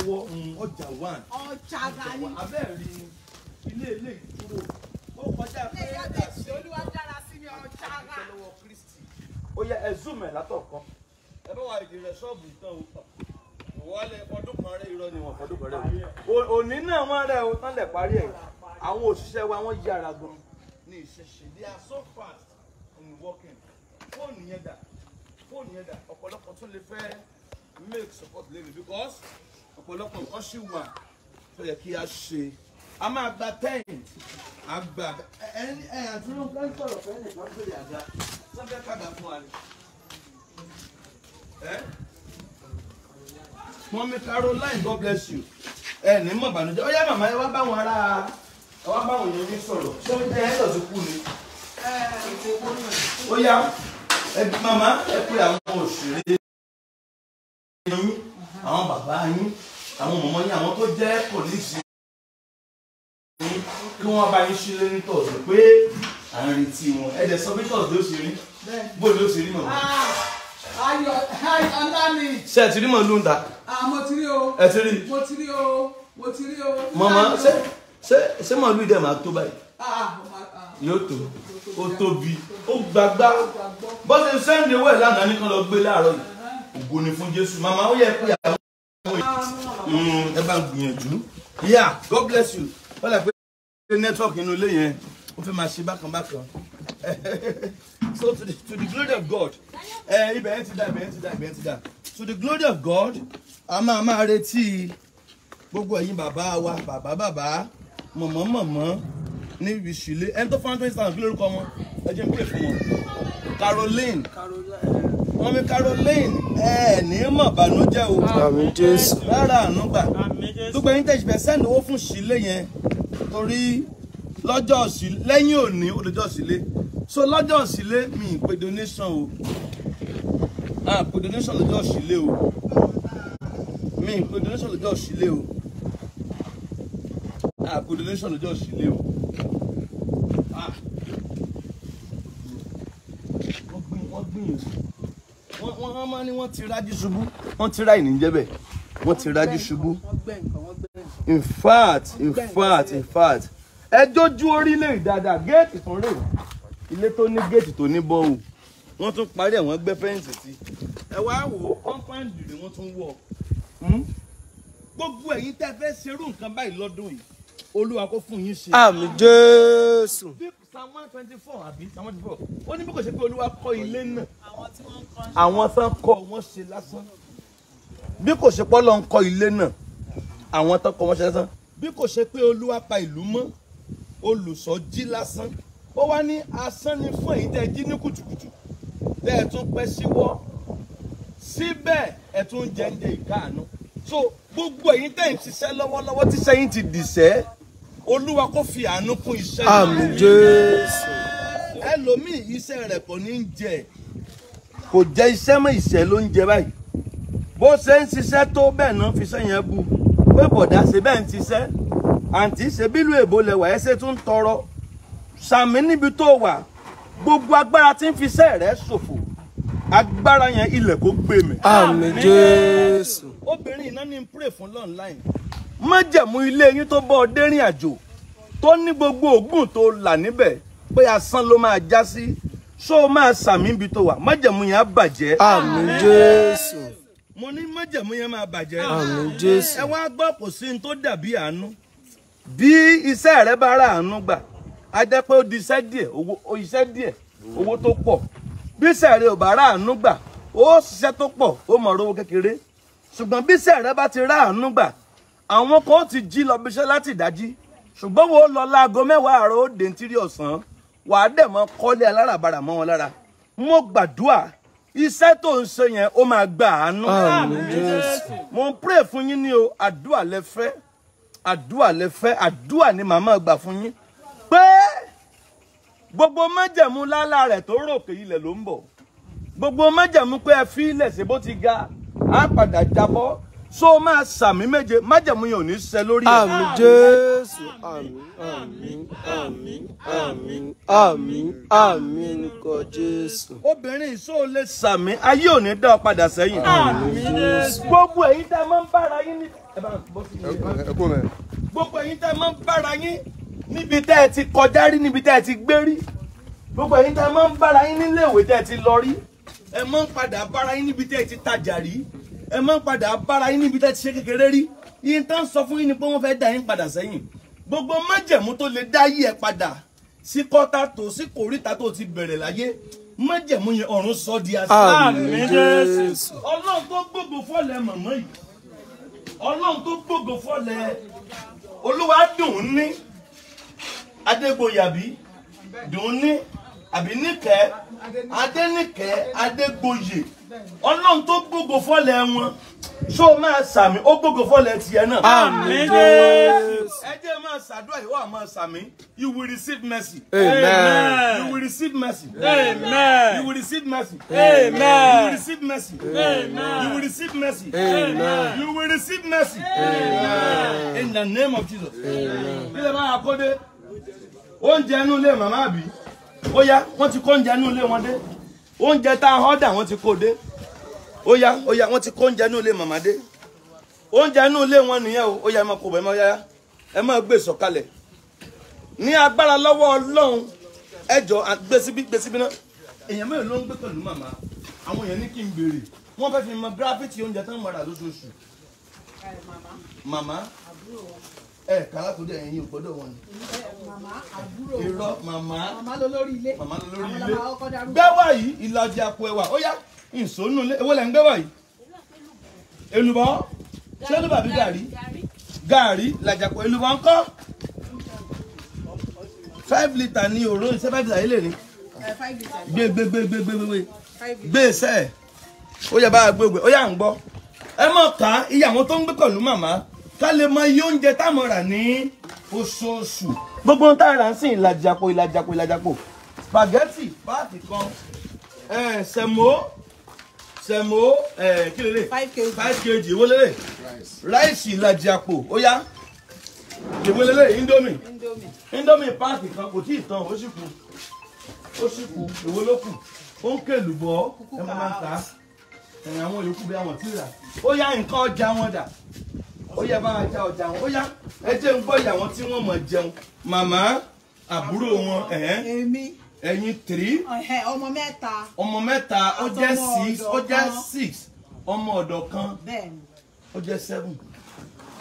ọjà one
ọjàgà ni
abẹ́ẹ̀ rí ilé ìdúró ó kọjá pé ẹ̀dá sí. o yẹ ẹ zoom ẹ̀ látọ̀kọ́. ẹ bá wà ìdí rẹ ṣọ́ọ̀bù ìtàn o ìwọlé ọdún kan rẹ irọ́ ni wọn ọdún kan rẹ òní náà wọn rẹ o tán lẹ parí ẹ àwọn òṣìṣẹ́ wa wọ́n yára gan ní ìṣẹ̀ṣẹ̀ they are so fast in working fóònù yẹn dà fóònù yẹn dà ọ̀pọ̀lọpọ̀ tún lè fẹ́ make support lè mi because ọ̀pọ̀lọpọ̀ ọ̀ṣìwà tó yẹ kí a ṣe a máa gba ten àgbà ẹni ẹ àti ló ń fẹ́ sọ̀rọ̀ fẹ́ nìkan tó lè àga sábẹ́ kàdà fún wa ni. Mọ́mí Caroline God bless you. Ẹ ní mọ̀ bànújẹ́. Ó yá màmá ẹ wá báwọn ará ẹ wá báwọn yẹn ní sọ̀rọ̀. Ṣé oúnjẹ ẹ lọ sí kú ni? Ó yá màmá ẹ pé àwọn òṣèré yín, àwọn bàbá yín, àwọn mọ̀mọ́ yín, àwọn tó jẹ́ pòlíìsì kí wọ́n bá yín sílé ní tọ̀sán pé à ń retí wọn ẹ dẹ̀ sọ pé tọ̀sán ló ṣe rí bó ló ṣe rí mọ̀. Ah,
ayọ̀ ọlá ni.
ṣé ẹ ti rí màálù ń ta.
Ah, mo ti rí o. ẹ ti rí. mo ti rí o mo ti rí o. màmá ṣé
ṣé ṣé màálù ìdẹ̀ máa tó báyìí. Ah, yóò tó ó tóbi ó gbàgbá bó ṣe sẹ́ńdẹ̀ wẹ̀ lánàá nìkan lọ gbé láàárọ̀ yìí ògo ni fún Jésù màmá ó yẹ pé àwọn mm, ẹ bá gbìyànjú yeah God bless you ṣe network inú ilé yẹn ó fẹ́ máa ṣe bákan bákan so to the, to the glory of God ibẹ̀ ẹ̀ ti dà ibẹ̀ ẹ̀ ti dà ibẹ̀ ẹ̀ ti dà to the glory of God a máa máa retí gbogbo ẹ̀yin bàbá wa bàbá bàbá mọ̀mọ́ mọ̀mọ́ níbi ìṣìlẹ̀ ẹni tó fọ́n twenty thousand kí lórúkọ wọn ẹ jẹ́ n pè fún wọn Caroline. Caroline mọ̀mí Caroline ẹ ní mọ̀ bànújẹ́ o àmín Jésù rárá ànúgbà dúpẹ́ yín tẹ̀sí fẹ́ sẹ́ndì owó fún sílé yẹn torí lọ́jọ́ sílé lẹ́yìn òní olùjọ́ sílé so lọ́jọ́ sílé mi ìpè donation o àpè donation lọ́jọ́ sílé o mi ìpè donation lọ́jọ́ sílé o àpè donation lọ́jọ́ sílé o. Ah. Wọ́n gbìyànjú wọ́n máa ti rájú ṣubú wọ́n ti ráì níjẹ́ ṣubú in fact in fact in fact ẹ jójú orílẹ̀ dáadáa géètì kan rè ilé tó ní géètì tó ní bọ́ọ̀hù wọ́n tún parí ẹ̀ wọ́n fẹ́ǹsì sí ẹ wá wò ó kọ́ńpáǹdì rẹ̀ wọ́n tún wọ̀ hmm? gbogbo ẹ̀yin tẹ́ fẹ́ ṣerú nǹkan báyìí lọ́dún yìí olúwa kó fún yín ṣe. àmín jésù psalm one twenty four àbí psalm one twenty four ó ní bí kò ṣe pé olúwa kọ́ ilé náà àwọn tán kọ́ wọ́n ṣe lásán bí kò ṣe pé ọlọ́run kọ́ ilé náà àwọn tán kọ́ wọ́n ṣe lásán bí kò ṣe pé olúwa pa ìlú mọ́ olùṣọ́ jí lásán ó wá ní asán ni fún èyí tẹ́ ẹ jí ní kùtùkùtù tẹ́ ẹ tún pẹ́ síwọ́ síbẹ̀ ẹ tún jẹ́ ń jẹ ìkáàánú so gbogbo èyí tẹ́ ẹ ń ṣiṣẹ́ lọ́wọ́lọ́wọ́ tíṣẹ́ yín ti dìṣẹ́ olúwa kó fi àánú kún iṣẹ́ rẹ̀. àmín jésù. ẹlòmíì iṣẹ́ rẹ̀ kò ní í jẹ kò jẹ iṣẹ́ mọ́ ìṣẹ́ ló ń jẹ báyìí bó ṣe ń ṣiṣẹ́ tó bẹ́ẹ̀ náà fi iṣẹ́ yẹn bu pé bọ̀dá ṣe bẹ́ẹ̀ ń ṣiṣẹ́ àǹtí ṣe bílù èbó lẹwà ẹ ṣe tún ń tọrọ sàmì níbi tó wà gbogbo agbára tí ń fi iṣẹ́ rẹ̀ ṣòfò agbára yẹn ilẹ̀ kó gbé mi. àmín jésù. obìnrin iná ní n pray fún lọ́nláìn májẹ̀mú ilé yín tó bọ́ dérìn àjò tó ní gbogbo ògùn tó là níbẹ̀ pé asán ló máa já sí ṣó máa sàmì ibi tó wà májẹ̀mú yẹn á bàjẹ́. àmín jésù. mo ní májẹ̀mú yẹn máa bàjẹ́. àmín jésù. ẹ wá gbọ́ kò sí ní tó dàbí àánú bí iṣẹ́ rẹ bá ra àánú gbà á jẹ́ pé ó di iṣẹ́ díẹ̀ owó iṣẹ́ díẹ̀ owó tó pọ̀ bí iṣẹ́ rẹ ò bá ra àánú gbà ó ṣiṣẹ́ tó pọ̀ ó mọ̀ ọ́ rówó kékeré ṣùgbọ́n bí iṣẹ́ rẹ bá ti ra àánú gbà àwọn kan ti jí lọ bíṣẹ́ láti ìdájí ṣùgbọ́n wo lọ láago mẹ́wàá àárọ̀ ó dé tírí ọ̀sán wàá dẹ̀ mọ́ kọ́lé aláràbarà mọ́ wọn lára mo gbàdúrà iṣẹ́ tó ń ṣe yẹn ó máa gba àánú mo ń pray fún yín ní o àdúrà lẹ fẹ́ àdúrà lẹ ni màmá gbà fún yín pé gbogbo májẹ̀mú lálá rẹ̀ tó ròkè ilẹ̀ ló ń bọ̀ gbogbo májẹ̀mú pé ẹ fi ilẹ̀ ṣe bó ti ga á padà jábọ́ so máa Sami meje, májẹ̀mú yẹn ò ní ṣẹ Amen. ẹ̀.
Amen. Amen. àmín àmín
àmín àmín àmín àmín so le Sami ayé oni da dá ọ Amen. sẹ́yìn. àmín jésù. gbogbo èyí tá a máa ń bára yín ní. gbogbo èyí tá a máa ń bára yín níbi tẹ́ ẹ ti kọjá rí níbi tẹ́ ẹ ti gbé rí gbogbo èyí tá a máa ń bára yín nílé ìwé ti lọ rí ẹ máa ń padà bára yín níbi ti tajà rí ẹ má padà bára yín níbi tẹ́ ti ṣe kékeré rí yín tán sọ fún yín ni pé wọ́n fẹ́ dá yín padà sẹ́yìn gbogbo májẹ̀mú tó lè dá yí ẹ padà sí kọ́ta tó sí kòríta tó ti bẹ̀rẹ̀ láyé májẹ̀mú yẹn ọ̀run sọ di àṣà ọlọ́run tó gbogbo fọ́lẹ̀ màmá yìí ọlọ́run tó gbogbo fọ́lẹ̀ olúwa dùn ní adégbòyàbí dùn ní àbí níkẹ́ adéníkẹ́ adégbòyè ọlọ́run tó gbogbo fọ́lẹ̀ wọn ṣó máa sàmì ó gbogbo fọ́lẹ̀ tiẹ̀ náà. àmín jésù. ẹ jẹ́ máa ṣàdúrà ìwọ àmọ́ sàmì you will receive mercy. amen. you will receive mercy. amen. you will receive mercy. amen. you will receive mercy. amen. you will receive mercy. amen. you will receive mercy. amen. in the name of jesus. amen. bí máa kó oúnjẹ inú ilé màmá àbí ó yá wọ́n ti kó oúnjẹ inú ilé wọn dé oúnjẹ tá a họ́dà wọ́n ti kó dé. Oya, oya, ó yá wọ́n ti kó oúnjẹ inú ilé màmá dé oúnjẹ inú ilé wọn nìyẹn o ó yá ẹ máa kó bọ̀ ẹ máa yá ẹ máa gbé sọ̀kalẹ̀ ní agbára lọ́wọ́ ọlọ́run ẹjọ́ gbèsíbí gbèsíbí náà èèyàn mẹ́rin ló ń gbé pẹ̀lú màmá àwọn èèyàn ní kí n béèrè wọ́n fẹ́ fi mọ gírafìtì oúnjẹ tán mọ́ra lóṣooṣù. màmá ẹ kàrà tó dé ẹ̀yin ògbọ́dọ̀ wọn ni. irọ́ màmá
màmá lólórí ilé màmá lólórí
yìí ìlàjì àpò ẹ̀wà ó yá ìsónú ewé lẹ́ ń gbé wọ̀nyí èlùbọ́ ṣé èlùbọ́ àbí gàrí gàrí làjàpọ̀ èlùbọ́ ń five litre ní òró ṣé five litre yìí lè ní eh, gbé gbé gbé gbé gbé gbé gbé sẹ́ ẹ̀ ó yẹ bá a gbé gbé ó yà ń gbọ́ ẹ mọ̀ ká iye àwọn tó ń gbé pẹ̀lú màmá ká lè mọ iye oúnjẹ táwọn rà ní oṣooṣù gbogbo ohun tá a ń sìn ìlàjàpọ̀ ìlàjàpọ̀ ìlàjàpọ̀ spaghetti páàtì kan ẹ̀ẹ́sẹ̀mó eh, sẹ̀mó ẹ̀ eh, kí lélẹ̀ five kg five kg ìwó lélẹ̀ ráìsì ìlàjì àpò ó yá ìwó lélẹ̀ indomie indomie páàkì kan kò tí ì tán ó sì kù ó sì kù ìwó ló kù ó ń kèlù bọ́ ẹ máa ń ta ẹ̀yìn àwọn yòókù bí àwọn tí ì rà ó yá nǹkan ọjà wọn dà ó yẹ bá wọn já ọjà wọn ó yá ẹ jẹ́ ń gbọ́ ìyàwó tí wọ́n mọ̀ jẹun màmá àbúrò wọn ẹ̀ẹ́ ẹ̀yin three.
ọmọ mẹ́ta.
ọmọ mẹ́ta ó jẹ́ six ó jẹ́ six ọmọ ọ̀dọ̀ kan ó jẹ́ seven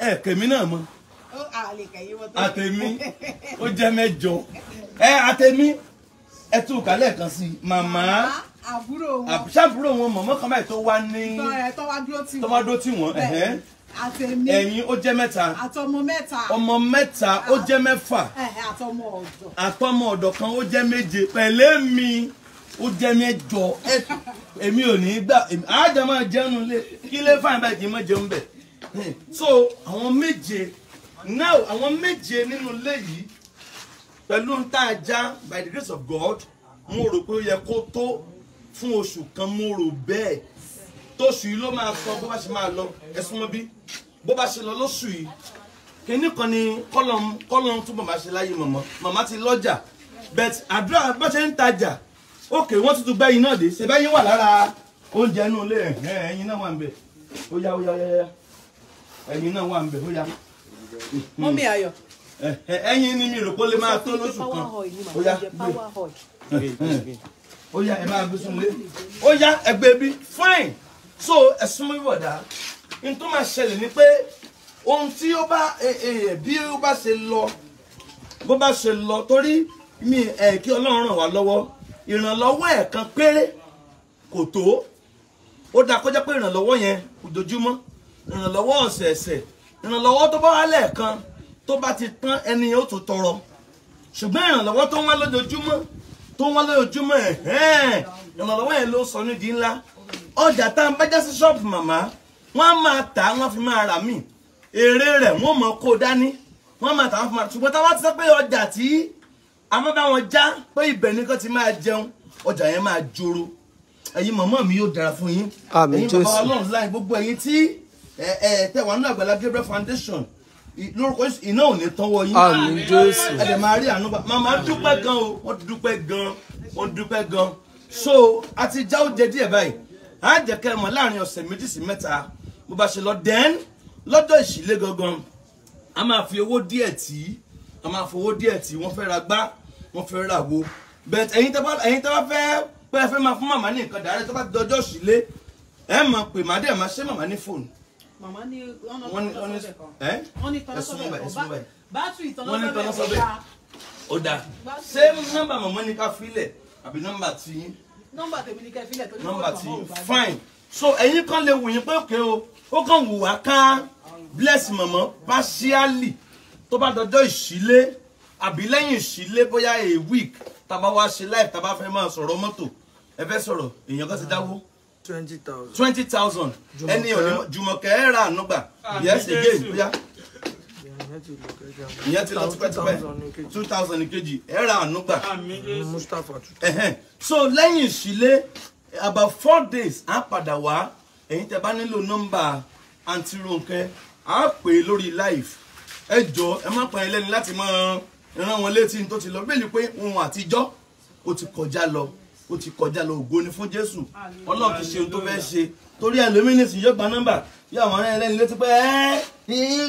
ẹ kèmí náà mọ
àtẹ̀mí ó jẹ́
mẹ́jọ ẹ àtẹ̀mí ẹ tún kálẹ̀ kan sí màmá àbúrò wọn mọ̀mọ́ kan báyìí tó wá ní
tó wá dúró tì wọ́n àtẹ̀mí ẹ̀yin ó jẹ́ mẹ́ta àtọmọ mẹ́ta
ọmọ mẹ́ta ah. ó jẹ́ mẹ́fà
àtọmọ ọ̀dọ̀
àtọmọ ọ̀dọ̀ kan ó jẹ́ méje pẹ̀lẹ́ mi ó jẹ́ mẹ́jọ èmi ò ní gbà àjọ máa jẹun lé kí lè fáìn báyìí kì í má jẹun bẹ̀ so àwọn méje now àwọn méje nínú ilé yìí pẹ̀lú ń tá a já by the grace of God mo rò pé ó yẹ kó tó fún oṣù kan mo rò bẹ́ẹ̀ tóṣù yìí ló máa sọ bó bá ṣe máa lọ ẹsùn mọ́ bí bó bá ṣe lọ lóṣù yìí kínní kan ni kọ́lọ́n kọ́lọ́n tún màmá ṣe láyé màmá màmá ti lọ́jà bẹ́ẹ̀ àdúrà bá ṣe ń tajà òkè wọ́n tuntun bẹ́yìn náà dé ṣe bẹ́yìn wà lára oúnjẹ inú ilé ẹ̀ náà wà ń bẹ̀ ó yá ó yá ó yá ẹ̀yin náà wà ń bẹ̀ ó yá. mọ́mí ayọ̀ ẹyin ni mi rò pé lè máa tó lóṣù kan ó yá gbé ó yá ẹ máa gbé sunlé ó yá ẹgbẹ́ bí fine so ẹ̀sùn mi wọ̀dà n tó máa ṣẹlẹ̀ ni pé ohun tí ó bá bí ó bá ṣe lọ bó bá ṣe lọ torí mi ẹ̀ kí ọlọ́run ràn wá lọ́wọ́ ìrànlọ́wọ́ ẹ̀ẹ̀kan péré kò tó ó dáa kó jẹ́ pé ìrànlọ́wọ́ yẹn ojoojúmọ́ ìrànlọ́wọ́ ọ̀sẹ̀ẹ̀sẹ̀ ìrànlọ́wọ́ tó bá wá lẹ́ẹ̀kan tó bá ti tán ẹni yẹn ó tún tọrọ ṣùgbọ́n ìrànlọ́wọ́ tó ń wá lójoojúmọ́ tó ń wá lójoojúmọ́ ẹ̀hẹ́n ìrànlọ́wọ́ yẹn ló sọ nídìí ńlá ọjà tá à bá já sí ṣọ́ọ̀bù màmá wọ́n á máa tà wọ́n fi máa rà mí èrè rẹ̀ wọ́n mọ̀ kó dání wọ́n máa tà wọ́n fi máa ṣùgbọ́n táwọn ti sọ pé ọjà tí a máa bá wọn já pé ibẹ̀ nìkan ti máa jẹun ọjà yẹn máa joro ẹ̀yin màmá mi yóò dára fún yín ẹ̀yin bàbá ọlọ́run láì gbogbo ẹ̀yin tí tẹ̀wọ̀n náà Àgbàlá Gabriel Foundation lórúkọ iná ò ní tọwọ́ yín àmín jésù ẹdẹ máa rí àánú bá màmá dúpẹ́ gan o wọ́n dúpẹ́ gan wọ́n dúpẹ́ gan so a ti jẹ díẹ̀ báyìí á jẹ́ kẹ́ mọ̀ láàrin ọ̀sẹ̀ méjì sí mẹ́ta bó bá ṣe lọ dẹ́n lọ́jọ́ ìṣílẹ̀ gangan a máa fi owó díẹ̀ tí a máa fowó díẹ̀ tí wọ́n fẹ́ ra gbá wọ́n fẹ́ ra wo bẹ́ẹ̀ ẹ̀yin tó bá ẹ̀yin tó bá fẹ́ pé ẹ fẹ́ máa fún màmá ní nǹkan dàrẹ́ tó bá di ọjọ́ ìṣílẹ̀ ẹ mọ̀ pé màdé ẹ̀ máa ṣe màmá ní fóònù.
màmá ní wọ́n ní tọ́lọ́sọ́bẹ̀ kan bátìrì
tọ́lọ́sọ́bẹ̀
nọ́mbà tèmi ni kẹfílẹ̀ tó ní kó lọ́mọ òun fine
so ẹ̀yin kan lè wù yín pé òkè o ó kàn wù wá kán bless mọ̀mọ́ partially tó bá dọjọ́ ìṣílé àbí lẹ́yìn ìṣílé bóyá a week tàbá wá ṣe live tàbá fẹ́ máa sọ̀rọ̀ mọ́tò ẹ fẹ́ sọ̀rọ̀ èèyàn kan ti dáwó twenty thousand ẹni ọ̀nìmọ̀ jùmọ̀kẹ́ ẹ̀ rà ànúgbà yẹ́sẹ̀ gé ìgbéyà
ìyẹn ti lọ tipẹ́tipẹ́
two thousand kejì ẹ ra àánú gbà Mustapha so lẹ́yìn ìṣílé about four days á padà wá ẹ̀yin tẹ́ bá nílò nọ́mbà àǹtí Rónkẹ́ á pè é lórí live ẹ jọ ẹ má pa ẹ láti máa rán wọn létí tó ti lọ bẹ́ẹ̀ pé ohun àtijọ́ ó ti kọjá lọ ó ti kọjá lọ ògo ni fún Jésù Ọlọ́run ti ṣe ohun tó fẹ́ ṣe torí ẹlòmínísì yóò gba nọ́mbà yóò àwọn ará ẹlẹ́ni létí pé ẹ́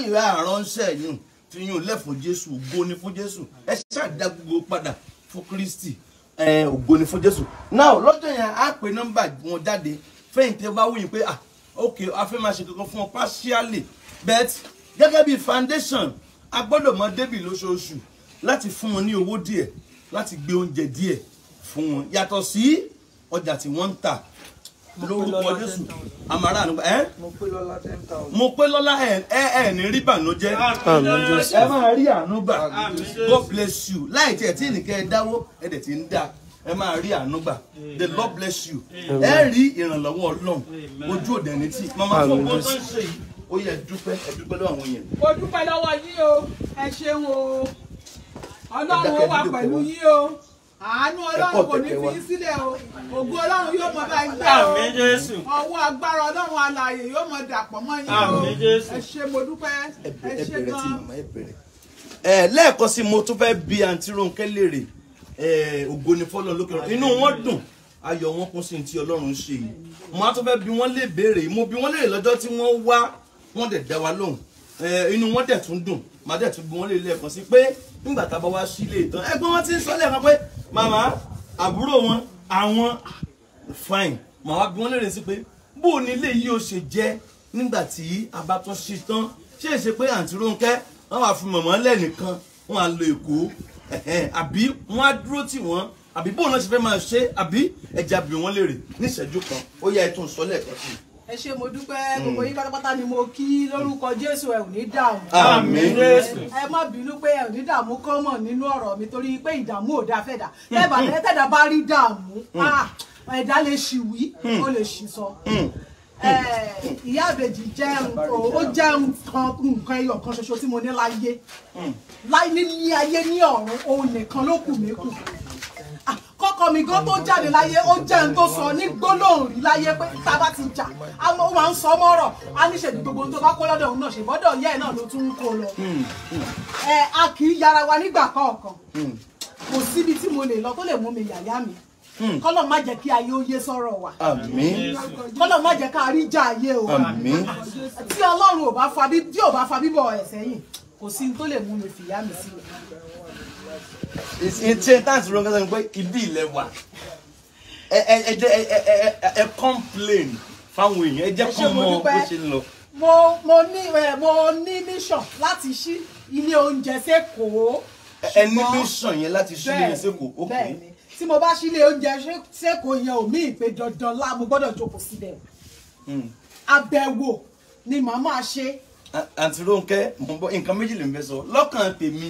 ìrà àránṣẹ́ yìí fi yún lẹ́fún jésù ògo ni fún jésù ẹ ṣàdá gbogbo padà fún kristi ògo ni fún jésù now lọ́jọ́ yẹn á pè nọ́mbà wọn jáde fẹ́yìntì bá wúyìn pé ah ok a fẹ́ máa ṣe kankan fún ọ partially but gẹ́gẹ́ bí foundation a gbọ́dọ̀ mọ débì lóṣooṣù láti fún wọn ní owó díẹ̀ láti gbé oúnjẹ díẹ̀ fún wọn yàtọ̀ sí ọjà tí wọ́n ń tà lórúkọ jésù àmàrà ànúgbà ẹ. mo pé lọ́lá ẹ ẹ ní rí bànújẹ́ ẹ máa rí ànúgbà God bless you láì tiẹ̀ tí nìkẹ́ ẹ dáwó ẹ dẹ̀ ti ń dá ẹ máa rí ànúgbà the Lord bless you ẹ rí ìrànlọ́wọ́ ọlọ́run ojú òde ní tí mama fún ọgbọ́n tó ń ṣe yìí ó yẹ dúpẹ́ ẹ dúpẹ́ lọ́wọ́ àwọn yẹn. mo dúpẹ́ lọ́wọ́ yín o ẹ ṣeun o ọlọ́run ó wà pẹ̀lú yín o
àánú ọlọ́run kò ní fi í sílẹ̀ o ògo ọlọ́run yóò mọ bá gbé o ọwọ́ agbára ọlọ́run alààyè yóò mọ dàpọ̀ mọ́ yín o ẹ ṣé mo dúpẹ́ ẹ ṣé gan.
ẹ lẹ́ẹ̀kan sí mo tún fẹ́ẹ́ bi àǹtí Rónkẹ́ léèrè ògo ni fọlọ́run lókè ọ̀run inú wọn dùn ayọ̀ wọn kún sí ti ọlọ́run ṣe yìí mo á tún fẹ́ẹ́ bi wọ́n lè béèrè mo bi wọ́n léèrè lọ́jọ́ tí wọ́n wá wọ́n dẹ̀ dá wa lóhùn inú wọn dẹ̀ tún dùn màá dẹ̀ tún bi wọ́n lè lẹ́ẹ̀kan sí pé nígbà tá a bá wá sílé ìtàn ẹ̀gbọ́n wọn ti ń sọlẹ kan pé màmá àbúrò wọn àwọn fine màmá bí wọn lè rè sí pé bó o nílé yìí ó ṣe jẹ nígbà tí a bá tún ṣe tán ṣé èṣe pé àǹtí Rónkẹ́ wọn wàá fi mọ̀mọ́ lẹ́nìkan wọn á lọ Èkó àbí wọn á dúró tì wọ́n àbí bóun náà ṣe fẹ́ máa ṣe àbí ẹ̀jẹ̀ àbí wọn lè rè ní ìṣẹ́jú kan ó yá ẹ̀ tún sọ lẹ́ẹ̀kan sí i
ẹ ṣe mo dúpẹ́ hmm. gbogbo yín pátápátá ni mo kí lórúkọ jésù ẹ ò ní dààmú. àmín jésù. ẹ má bínú pé ẹ ò ní dààmú kọ́mọ̀ nínú ọ̀rọ̀ mi torí pé ìdààmú ò dáa fẹ́ dà hmm. tẹ́ẹ̀bà tẹ́ẹ̀dà bá rí dààmú hmm. ah, ẹ̀dá lè ṣì wí ó lè ṣì sọ. ìyá àbèjì jẹ́ ó jẹ́ nǹkan nǹkan ẹyọ kan ṣoṣo tí mo ní láyé láyé nílé ayé ní ọ̀run òun nìkan ló kù mí kù kọ́kọ́ mi gan tó jáde láyé ó jẹ́ n tó sọ ní gbólóhùn rí láyé pé tá a bá ti jà á máa ń sọ mọ́rọ̀ á ní ṣe gbogbo ohun tó bá kó lọ́dọ̀ òun náà ṣe bọ́dọ̀ yẹ́ ẹ̀ náà ló tún ń kó lọ.
Hmm, hmm.
ẹ a kì í yára wa nígbà kọ̀ọ̀kan hmm. kò síbi tí mo lè lọ tó lè mú mi yàyà mi kọ́lọ̀ má jẹ́ kí ayé ó yé wa
àmín
kọ́lọ̀ má jẹ́ ká rí jà ayé o àmín tí ọlọ́run ò bá fa bíbọ̀ ẹ̀ sẹ́yìn kò sí ní tó lè mú mi fìyà mi sílẹ̀
ṣe táǹsì ló ń gbẹ́sẹ̀ pé ibi ilẹ̀ wà ẹ ẹ ẹ ẹ ẹ complain fáwọn èèyàn ẹ jẹ́ kó mọ bó ṣe lọ.
mo mo ní mo ní mission láti ṣí ilé oúnjẹ sẹ́kọ̀ọ́. ẹ ní mission
yẹn láti ṣí ilé sẹ́kọ̀ọ́
ó kù. tí mo bá ṣí ilé oúnjẹ sẹ́kọ̀ọ́ yẹn ò mí ìpè dandan lá mo gbọ́dọ̀ jókòó síbẹ̀.
Hmm. àbẹ̀wò ni màá máa ṣe. àǹtí Rónkẹ́ nǹkan méjì lè ń bẹ sọ lọ́kàn tèmi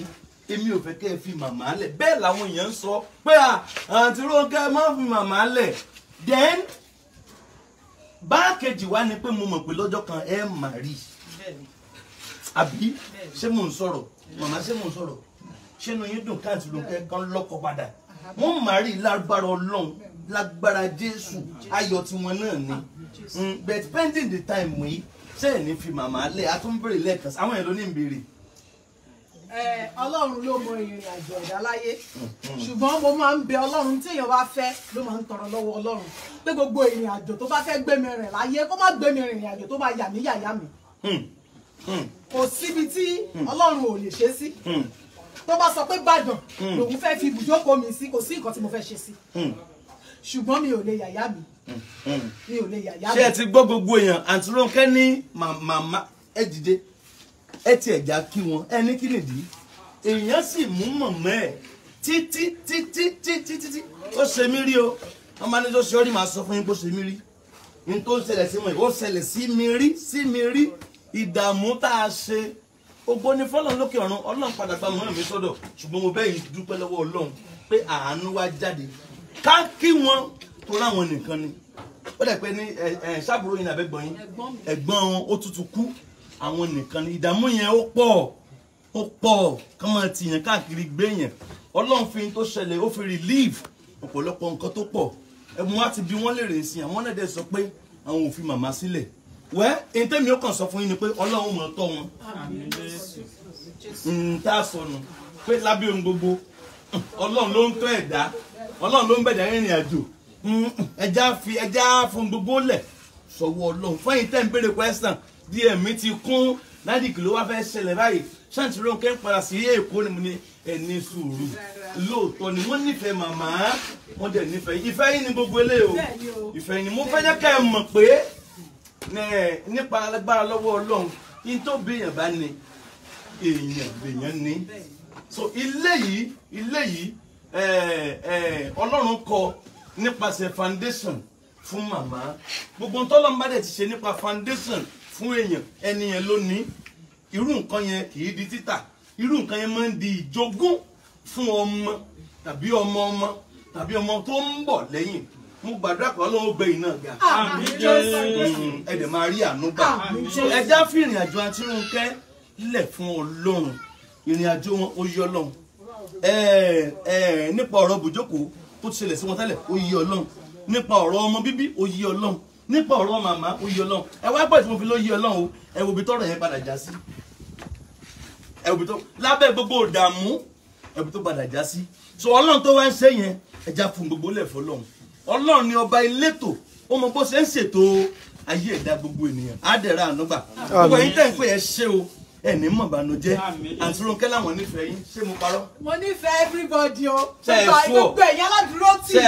èmi ò fẹ́ kẹ́ ẹ fi màmá lẹ̀ bẹ́ẹ̀ làwọn èèyàn ń sọ pé àǹtí Rónkẹ́ má fi màmá lẹ̀ then báàkejì wa ni pé mo mọ̀ pé lọ́jọ́ kan ẹ mà rí àbí ṣé mò ń sọ̀rọ̀ màmá ṣé mò ń sọ̀rọ̀ ṣé inú yín dùn káàtì Rónkẹ́ kan lọ́kọ padà wọ́n mà rí lágbára ọlọ́run lágbára Jésù ayọ̀ tiwọn náà ni hmm, but pending the time wí ṣé ẹ̀ ní fi màmá lẹ̀ àtúnbèrè lẹ́ẹ̀kan àwọn èèyàn ló ní ìbéèrè
ọlọ́run ló mọ ìrìn àjò ẹ̀dá láyé mm-hmm. ṣùgbọ́n mo máa ń bẹ ọlọ́run tí èèyàn bá fẹ́ ló máa ń tọrọ lọ́wọ́ ọlọ́run pé gbogbo ìrìn àjò tó bá fẹ́ gbẹ̀mí rìn láyé kó má gbẹ̀mí ìrìn àjò tó bá yà mí yàyà mi hmm. hmm. kò síbi tí hmm. ọlọ́run ò lè ṣe sí tó bá sọ pé gbàdàn lòun fẹ́ fi ibùjókòó mi sí kò sí nǹkan tí mo fẹ́ ṣe sí ṣùgbọ́n mi ò lè yàyà mi mi ò lè yàyà mi. ṣé ẹ ti
gbọ́ gbogbo èèyàn àǹtí Rónkẹ́ ní màmá ẹ dìde ẹ ti ẹ̀já kí wọn ẹ ní kí nìdí èèyàn sì mú mọ̀mọ́ ẹ̀ títí títí títí títí ó ṣe mí rí o wọn bá ní tó ṣe ọ́ rí màá sọ fún yín bó ṣe mí rí ní tó ń ṣẹlẹ̀ sí wọn ìwọ ṣẹlẹ̀ sí mi rí sí mi rí ìdààmú tá a ṣe ogbó ní fọlọ́n lókè ọ̀run ọlọ́run padà gba mọ́ràn mi sọ́dọ̀ ṣùgbọ́n mo bẹ́ẹ̀ yín dúpẹ́ lọ́wọ́ ọlọ́run pé àánú wá jáde ká kí wọn tó ráwọn nìkan ni ó dẹ̀ pé ní ṣàbúrò yín àbẹ́gbọ́n yín ẹ̀gbọ́n ó tutù kú àwọn nìkan ni ìdààmú yẹn ó pọ̀ ó pọ̀ kán máa ti yàn káàkiri gbé yàn ọlọ́run fi tó ṣẹlẹ̀ ó fi relieve ọ̀pọ̀lọpọ̀ nǹkan tó pọ̀ ẹ̀mú wá ti bí wọ́n lè rè sí àwọn náà dẹ̀ sọ pé àwọn ò fi màmá sílẹ̀ wẹ́ ẹni tẹ́mi ó kàn sọ fún yín ni pé ọlọ́run mọ̀ tọ́ wọn tá a sọnù pé lábẹ́ ohun gbogbo ọlọ́run ló ń tọ́ ẹ̀dá ọlọ́run ló ń bẹ̀dá rìnrìn àjò ẹja fi ẹja fún gbogbo lẹ̀ sọ̀wọ́ ọlọ́run fún ẹ̀yin tẹ́ ń béèrè question bí ẹ̀mí ti kún ládì kìló wá fẹ́ ṣẹlẹ̀ báyìí ṣáǹtì Rónkẹ́ ń padà sí èkó ni mo ní ẹni sùúrù lóòótọ́ ni wọ́n nífẹ̀ẹ́ màmá wọ́n dẹ̀ nífẹ̀ẹ́ ìfẹ́ yín ni gbogbo eléyìí o ìfẹ́ yín mo fẹ́ jẹ́ ká ẹ mọ̀ pé nípa agbára lọ́wọ́ Ọlọ́run yín tó béèyàn bá ní èèyàn béèyàn ní so ilé yìí ilé yìí Ọlọ́run kọ nípasẹ̀ foundation fún màmá gbogbo ntọ́lọ́mbàdẹ̀ ti ṣe nípa foundation fún èèyàn ẹni yẹn ló ní irú nǹkan yẹn kì í di títà irú nǹkan yẹn máa ń di ìjogún fún ọmọ tàbí ọmọ ọmọ tàbí ọmọ tó ń bọ̀ lẹ́yìn mo gbàdúrà pé ọlọ́run gbé iná ga ẹ dẹ̀ máa rí àánú ẹ já fi ìrìn àjò àti Rónkẹ́ lẹ̀ fún ọlọ́run ìrìn àjò wọn ó yí ọlọ́run nípa ọ̀rọ̀ bùjókòó tó ti ṣẹlẹ̀ sí wọn tẹ́lẹ̀ ó yí ọlọ́run nípa ọ̀rọ̀ ọmọ bíbí ó yí ọlọ́run nípa ọ̀rọ̀ màmá ó yí ọlọ́run ẹ wá pẹ̀ tí mo fi ló yí ọlọ́run o ẹ wo ibi tọ́rọ̀ yẹn padà já sí ẹ wo ibi tó lábẹ́ gbogbo ìdààmú ẹ wo ibi tó padà já sí so ọlọ́run tó wá ń ṣe yẹn ẹja fún gbogbo lẹ̀ fọlọ́run ọlọ́run ni ọba elétò ó mọ bó ṣe ń ṣètò ayé ẹ̀dá gbogbo ènìyàn á dẹ̀ ra ànúgbà gbogbo ẹ̀yin tẹ̀ ń pè ẹ́ ṣe o ẹni mọ̀ bànújẹ́ àǹtí Rónkẹ́ làwọn nífẹ̀ẹ́ yín ṣé mo parọ́.
mo nífẹ̀ẹ́ everybody o gbogbo ẹ̀yin aládùúró tì mí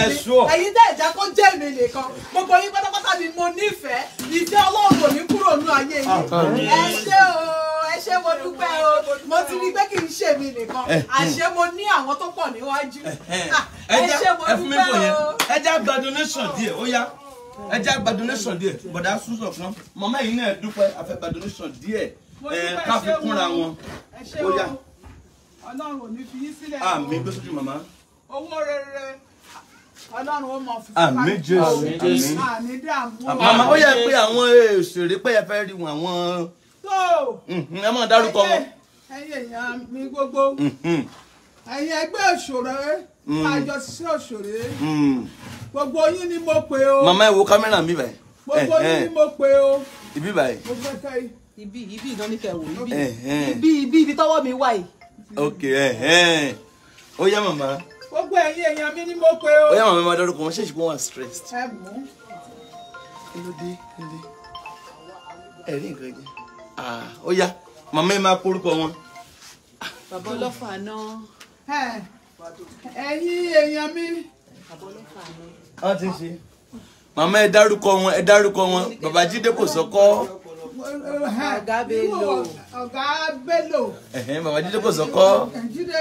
ẹ̀yin dẹ̀ ẹ̀já kó jẹ́ èmi nìkan gbogbo yín pátápátá ni mo nífẹ̀ẹ́ ìfẹ́ Ọlọ́run ò ní kúrò nínú ayé yìí ẹ ṣé o ṣé mo dúpẹ́ o mo ti rí pé kì í ṣe mi nìkan eh, eh. àṣé mo ní àwọn tó pọ̀ níwájú
eh, ah, ẹ ṣé mo dúpẹ́ o. ẹ já gba donation díẹ̀ ó yá ẹ já gba donation díẹ̀ bọ̀dá sùn sọ̀kan mọ̀mọ́ yìí náà dúpẹ́ a fẹ́ gba donation díẹ̀. Eh, ká fi kúnra wọn ó yá. fi yín sílẹ̀. àmín gbé sójú màmá. owó rere
ọlọ́run ó mọ fún wa. àmín jésù àmín dààmú. màmá ó yẹ pé
àwọn eh, òṣèré pé ẹ fẹ́ rí wọn àwọn. tó mhmm, ẹ mọ̀ dárúkọ wọn.
ẹ̀yin èèyàn mi gbogbo mhmm. ẹ̀yin ẹgbẹ́ òṣèré àjọṣiṣẹ́ mhmm. òṣèré ni mo pè o. màmá ẹ wo kámẹ́rà mi
báyìí. gbogbo eh, yín ni mo pè o. ibi báyìí.
gbogbo ẹ ibi ibi ìdán nífẹ̀ẹ́ wò ibi eh, eh. ibi ibi ibi mi wà
ok eh, ó yá màmá.
gbogbo ẹ̀yin èèyàn mi ni mo pe
o. ó yá màmá máa dọ́dọ̀ kò wọ́n ṣèṣì kó wọ́n stressed. ẹ mú. kí ló dé kí ló dé ẹ̀rí nǹkan jẹ́ ah, ó yá màmá ẹ máa porúkọ wọn. bàbá
ọlọ́fà náà. ẹ̀yin èèyàn mi. bàbá
ọlọ́fà náà. wọ́n ti ṣe màmá ẹ dárúkọ wọn ẹ dárúkọ wọn bàbá jídé kò sọ́kọ́
ọ̀gá bello. ọ̀gá bello.
bàbá jíde kò sọ́kọ́.
jíde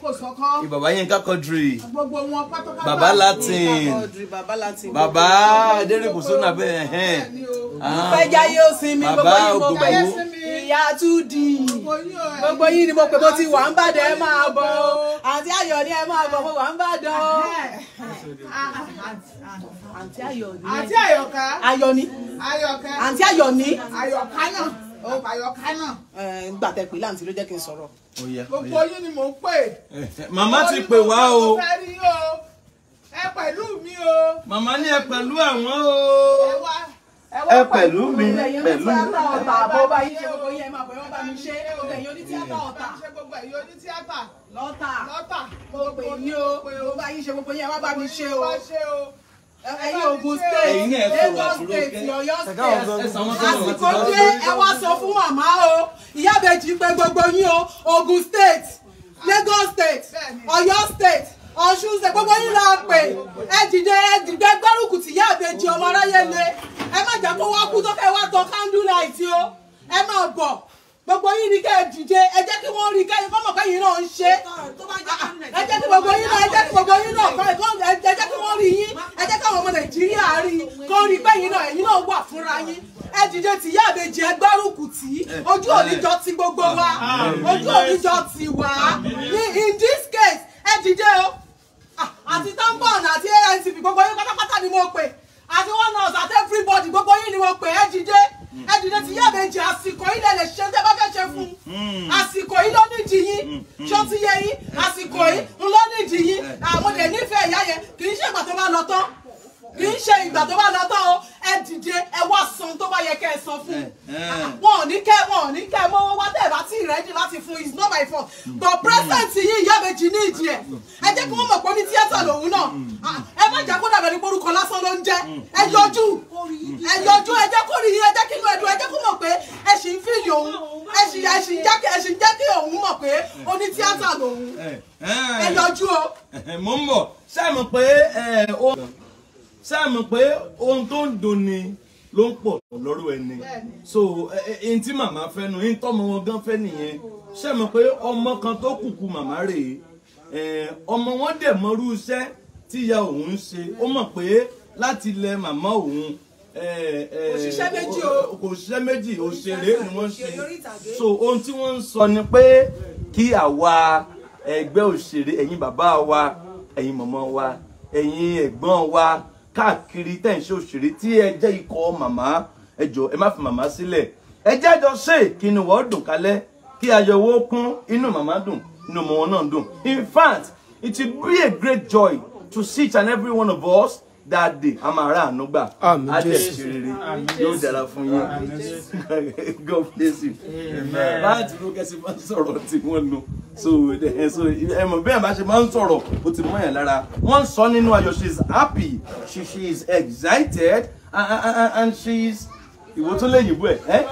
kò sọ́kọ́.
bàbá yínká kọ́dìrì.
gbogbo wọn pátápátá. bàbá latin. bàbá latin. bàbá adérìkùsọ́nà
bẹ́ẹ̀. bàbá ògbógbó
ìyá túdì gbogbo yín ni mo pè mo ti wà ń bàdàn ẹ máa bọ̀ o àǹtí ayọ̀ ni ẹ máa bọ̀ mo wà ń bàdàn o. àǹtí ayọ̀ ni àǹtí ayọ̀ká ayọ̀ ni àǹtí ayọ̀ ni ayọ̀ká náà ayọ̀ká náà. gbà tẹ pé láǹtí ló jẹ́ kí n
sọ̀rọ̀. gbogbo
yín ni mò ń pè.
Eh, màmá ti pè wá o
ẹ pẹ̀lú mi o.
màmá ni ẹ pẹ̀lú àwọn o. ẹ wá
ẹ pẹ̀lú mi pẹ̀lú mi. bó bá yín ṣe gbogbo yẹn máa bọ̀ wọ́n bá mi ṣe gbogbo ẹ̀yin onítìátà ọ̀tà ṣe gbogbo ẹ̀yin onítìátà lọ́tà lọ́tà gbogbo ẹ̀yin o bó bá yín ṣe gbogbo yẹn mi ṣe o ẹ̀yin Ògùn state Lagos state Ọ̀yọ́ state àsìkò dé ẹ wá sọ fún màmá o Ìyábẹ̀jì pé gbogbo yín o Ògùn state Lagos state Ọ̀yọ́ state ọ̀ṣun ṣe gbogbo yín la ẹ dìde ẹ dìde gbárùkù tìyá àbèjì ọmọ aráyé le ẹ má jà kó wá kú tó kẹ́ wá tọ candlelight o ẹ máa bọ̀ gbogbo yín ni kẹ́ ẹ dìde ẹ jẹ́ kí wọ́n rí kẹ́yìn kọ́mọ̀ kẹ́yìn náà ń ṣe ẹ jẹ́ kí gbogbo yín náà ẹ jẹ́ kí gbogbo yín náà ẹ jẹ́ kí wọ́n rí yín ẹ jẹ́ káwọn ọmọ nàìjíríà rí kó rí kẹ́yìn náà ẹ̀yin náà wà fúnra yín ẹ dìde tìyá àbèjì ẹ gbárùkù tì ojú òníjọ ti gbogbo wa ojú òníjọ ti wà in this case ẹ dìde o. Ah, àti tambon àti antv gbogbo yín pátápátá ni mo pè àti one nurse àti everybody gbogbo yín ni mo pè ẹ dìde ẹ dìde tí yá méjì àsìkò yìí lè lè ṣe tẹ́ bá fẹ́ ṣe fún hmm. àsìkò yìí ló ní jì yín hmm. Hmm. ṣó ti yé yín àsìkò yìí ló ní jì yín àwọn ènìyàn ah, nífẹ̀ẹ́ ìyá yẹn kì í ṣègbà tó bá lọ tán kì í ṣe ìgbà tó bá lọ́tọ́ o ẹ dìde ẹ wá san tó bá yẹ kẹ́ ẹ san fún un eh, eh. wọn ò ní kẹ́ wọn ò ní kẹ́ mọ́wọ́ wá tẹ̀ bá tí ìrẹ́jì láti fún is not my fault but president yìí ìyá méjì ní ìdí ẹ̀ ẹ jẹ́ kí wọ́n mọ̀ pé ní tíátà lòun náà hmm. ah, ẹ má jà kó dàbẹ̀ ní orúkọ lásán ló ń jẹ́ hmm. ẹ yọjú ẹ yọjú ẹ jẹ́ kó rí i ẹ jẹ́ kí inú ẹ̀dùn ẹ jẹ́ kó mọ̀ pé ẹ sì ń fìlì òun ẹ sì ẹ sì ń jẹ́ kí òun mọ̀ pé oní tíátà lòun
eh, ẹ yọjú o. mo ń bọ̀ ṣáà mọ̀ pé ó sáàmù pé ohun tó ń dunni ló ń pọ̀ lọ́rọ̀ ẹni so ẹni tí màmá fẹ́ nu ẹni tọ́mọ wọn gan fẹ́ nìyẹn sáàmù pé ọmọ kan tó kùkù màmá rèé ọmọ wọn dẹ̀ mọ́rú iṣẹ́ tí ìyá òun ń ṣe ó mọ̀ pé láti ilẹ̀ màmá òun kò ṣiṣẹ́ méjì o kò ṣiṣẹ́ méjì òṣèré ni wọ́n ṣe so ohun tí wọ́n ń sọ ni pé kí àwa ẹgbẹ́ òṣèré ẹ̀yin bàbá wa ẹ̀yin màmá wa ẹ̀yin ẹ̀gbọ́n wa káàkiri tẹ̀ ń ṣe òṣèré tí ẹ jẹ́ ikọ̀ màmá ẹ ẹ má fi màmá sílẹ̀ ẹ jẹ́ àjọ ṣe ìkíni wọ́n dùn kalẹ̀ kí ayọ̀wọ́ kún inú màmá dùn inú ọmọ wọn náà dùn in fact it will be a great joy to see each and every one of us dáadé a máa rà àánú gbà á dẹ̀ ṣe rere yóò dára fún yín God bless you láti ló kẹsì máa ń sọ̀rọ̀ tí wọ́n nu so ẹ mọ̀ bẹ́ẹ̀ bá ṣe máa ń sọ̀rọ̀ ó ti mọ̀ yàn lára wọ́n sọ nínú ayọ̀ she is happy she she is excited and and and she is ìwọ tó lè yìnbó ẹ̀ ẹ́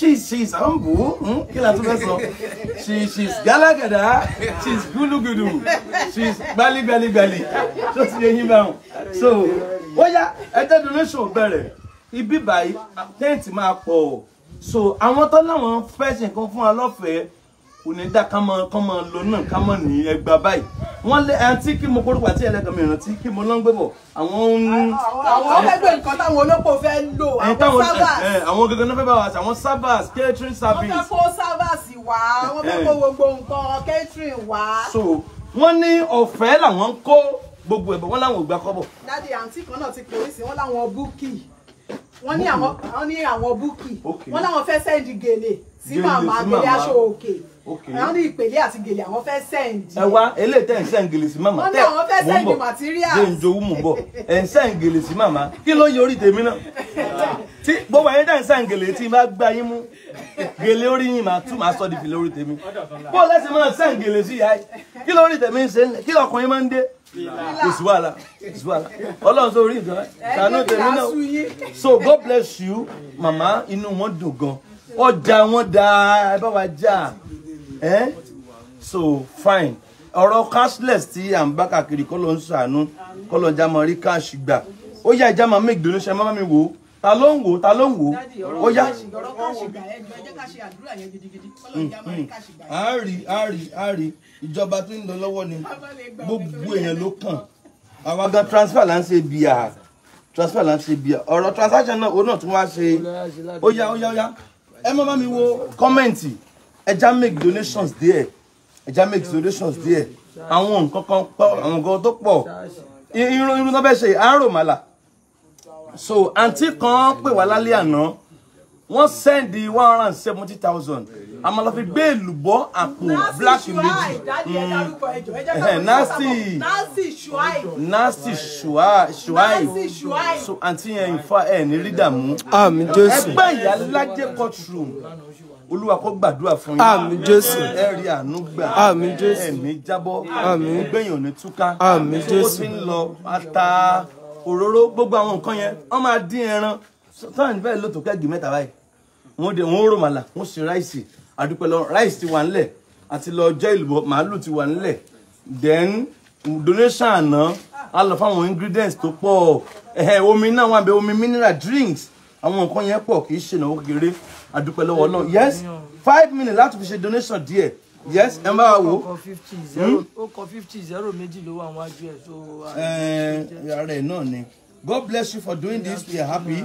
she's she's humble hmm? kila tún fẹ́ sọ she she's galagada she's gulugudu
she's bali
tó ti yẹ yín báwọn so bóyá ẹjẹ donation bẹ̀rẹ̀ ibi báyìí tẹ́ǹtì máa pọ̀ so àwọn tó láwọn fẹ́ ṣe nǹkan fún wa lọ́fẹ̀ẹ́ kò ní dá kán mọ kán mọ lọ náà kán mọ ní ẹgbà báyìí wọn lé àǹtí kí mo kórìkò àti ẹlẹgàn mi rántí kí mo lọ́n gbé bọ̀ àwọn ń. àwọn ẹgbẹ́
nǹkan táwọn olóko fẹ́ lò àwọn servers.
àwọn gẹ́gẹ́ náà fẹ́ bá wa sí àwọn servers catering service. wọ́n fẹ́ kó
servers wá wọ́n fẹ́ kó gbogbo nǹkan catering wá.
so wọ́n ní ọ̀fẹ́ làwọn ń kó gbogbo ẹ̀bọ̀ wọ́n láwọn ò gbà kọ́bọ̀.
dádì àǹtí kan náà ti polisi wọ́n láwọn búkì wọ́n ní àwọn búkì wọ́n láwọn fẹ́ sẹ́ndì gèlè sí màmá gèlè aṣọ
òkè àwọn ní
ìpèlè àti gèlè àwọn fẹ́ sẹ́ǹdì. ẹ
wá eléyìí tẹ́ ń sẹ́ǹgèlè sí màmá tẹ́ wọ́n bọ̀ jẹ́ ń jowú mò ń bọ̀ ẹ̀ ń sẹ́ǹgèlè sí màmá kí ló yọrí tèmi náà tí gbogbo ayé tẹ́ ń sẹ́ǹgèlè tí n bá gbá yín mú gèlè orí yín màá tú màá sọ di fìlè orí tèmi bó lẹ́sìn máa sẹ́ǹgèlè sí yáì kí lórí tèmi ń ṣe kí lọkùnrin máa ń dé Iswala, Iswala. Ọlọ́run sórí ìjọba. Ṣàánú tèmi náà. So God bless you, màmá inú wọn dùn gan. Ọjà wọn dáa, ẹ bá wa jà ẹ eh? so fine ọ̀rọ̀ cashless tí à ń bá káàkiri kọ́ ló ń ṣàánú kọ́ ló ń já mọ́ rí cash gbà ó yá ìjà máa make donation má mi wò ó ta ló ń wò ó ta ló ń wò ó ó yá. a rí a rí a rí ìjọba tó ń lọ lọ́wọ́ ni gbogbo èèyàn ló kàn àwa gan transfer là ń ṣe bíà transfer là ń ṣe bíà ọ̀rọ̀ transaction náà òun náà tún wá ṣe ó yá ó yá ó yá ẹ má bá mi wo kọ́mẹ̀ntì ẹja make donations there ẹja make donations there àwọn nǹkan kan pọ̀ àwọn nǹkan tó pọ̀ irun irun tó fẹ́ ṣe àárò màlà so àǹtí kan pè wá lálẹ́ àná wọ́n sẹ́ndì one hundred and seventy thousand àmọ́ lọ́ fi gbé èlùbọ́ àpò black méjì
nasi nasi
shuai so àǹtí yẹn ìfọ ẹ̀ ní rí dààmú ẹgbẹ́ ìyá lájẹ́ courtroom olúwa kó gbàdúrà fún yín. àmín jésù. ẹ rí àánú gbà. àmín jésù. ẹ̀mí jábọ́. àmín. gbẹ̀yìn ò ní túká. àmín jésù. tó ti ń lọ ata òróró gbogbo àwọn nǹkan yẹn wọ́n máa dín ẹran sọ́ọ̀nì bẹ́ẹ̀ ló tó kẹ́gì mẹ́ta báyìí wọ́n dé wọ́n rò màlà wọ́n ṣe ráìsì àdúpẹ́ lọ ráìsì ti wà nílẹ̀ àti lọ jẹ́ ìlú màálù ti wà nílẹ̀ then donation àná a lọ fáwọn ingredients tó pọ̀ omi náà wà bẹ omi mineral drinks àwọn nǹkan yẹn pọ̀ kì í ṣe ìnáwó kékeré àdúpẹ́ lọ́wọ́ náà yes five minutes láti fi ṣe donation díẹ̀ yes ẹ máa wò ó kọ fifty zero méjì ló wà wọn ajú ẹ tó. ara ẹ náà ni god bless you for doing this we are happy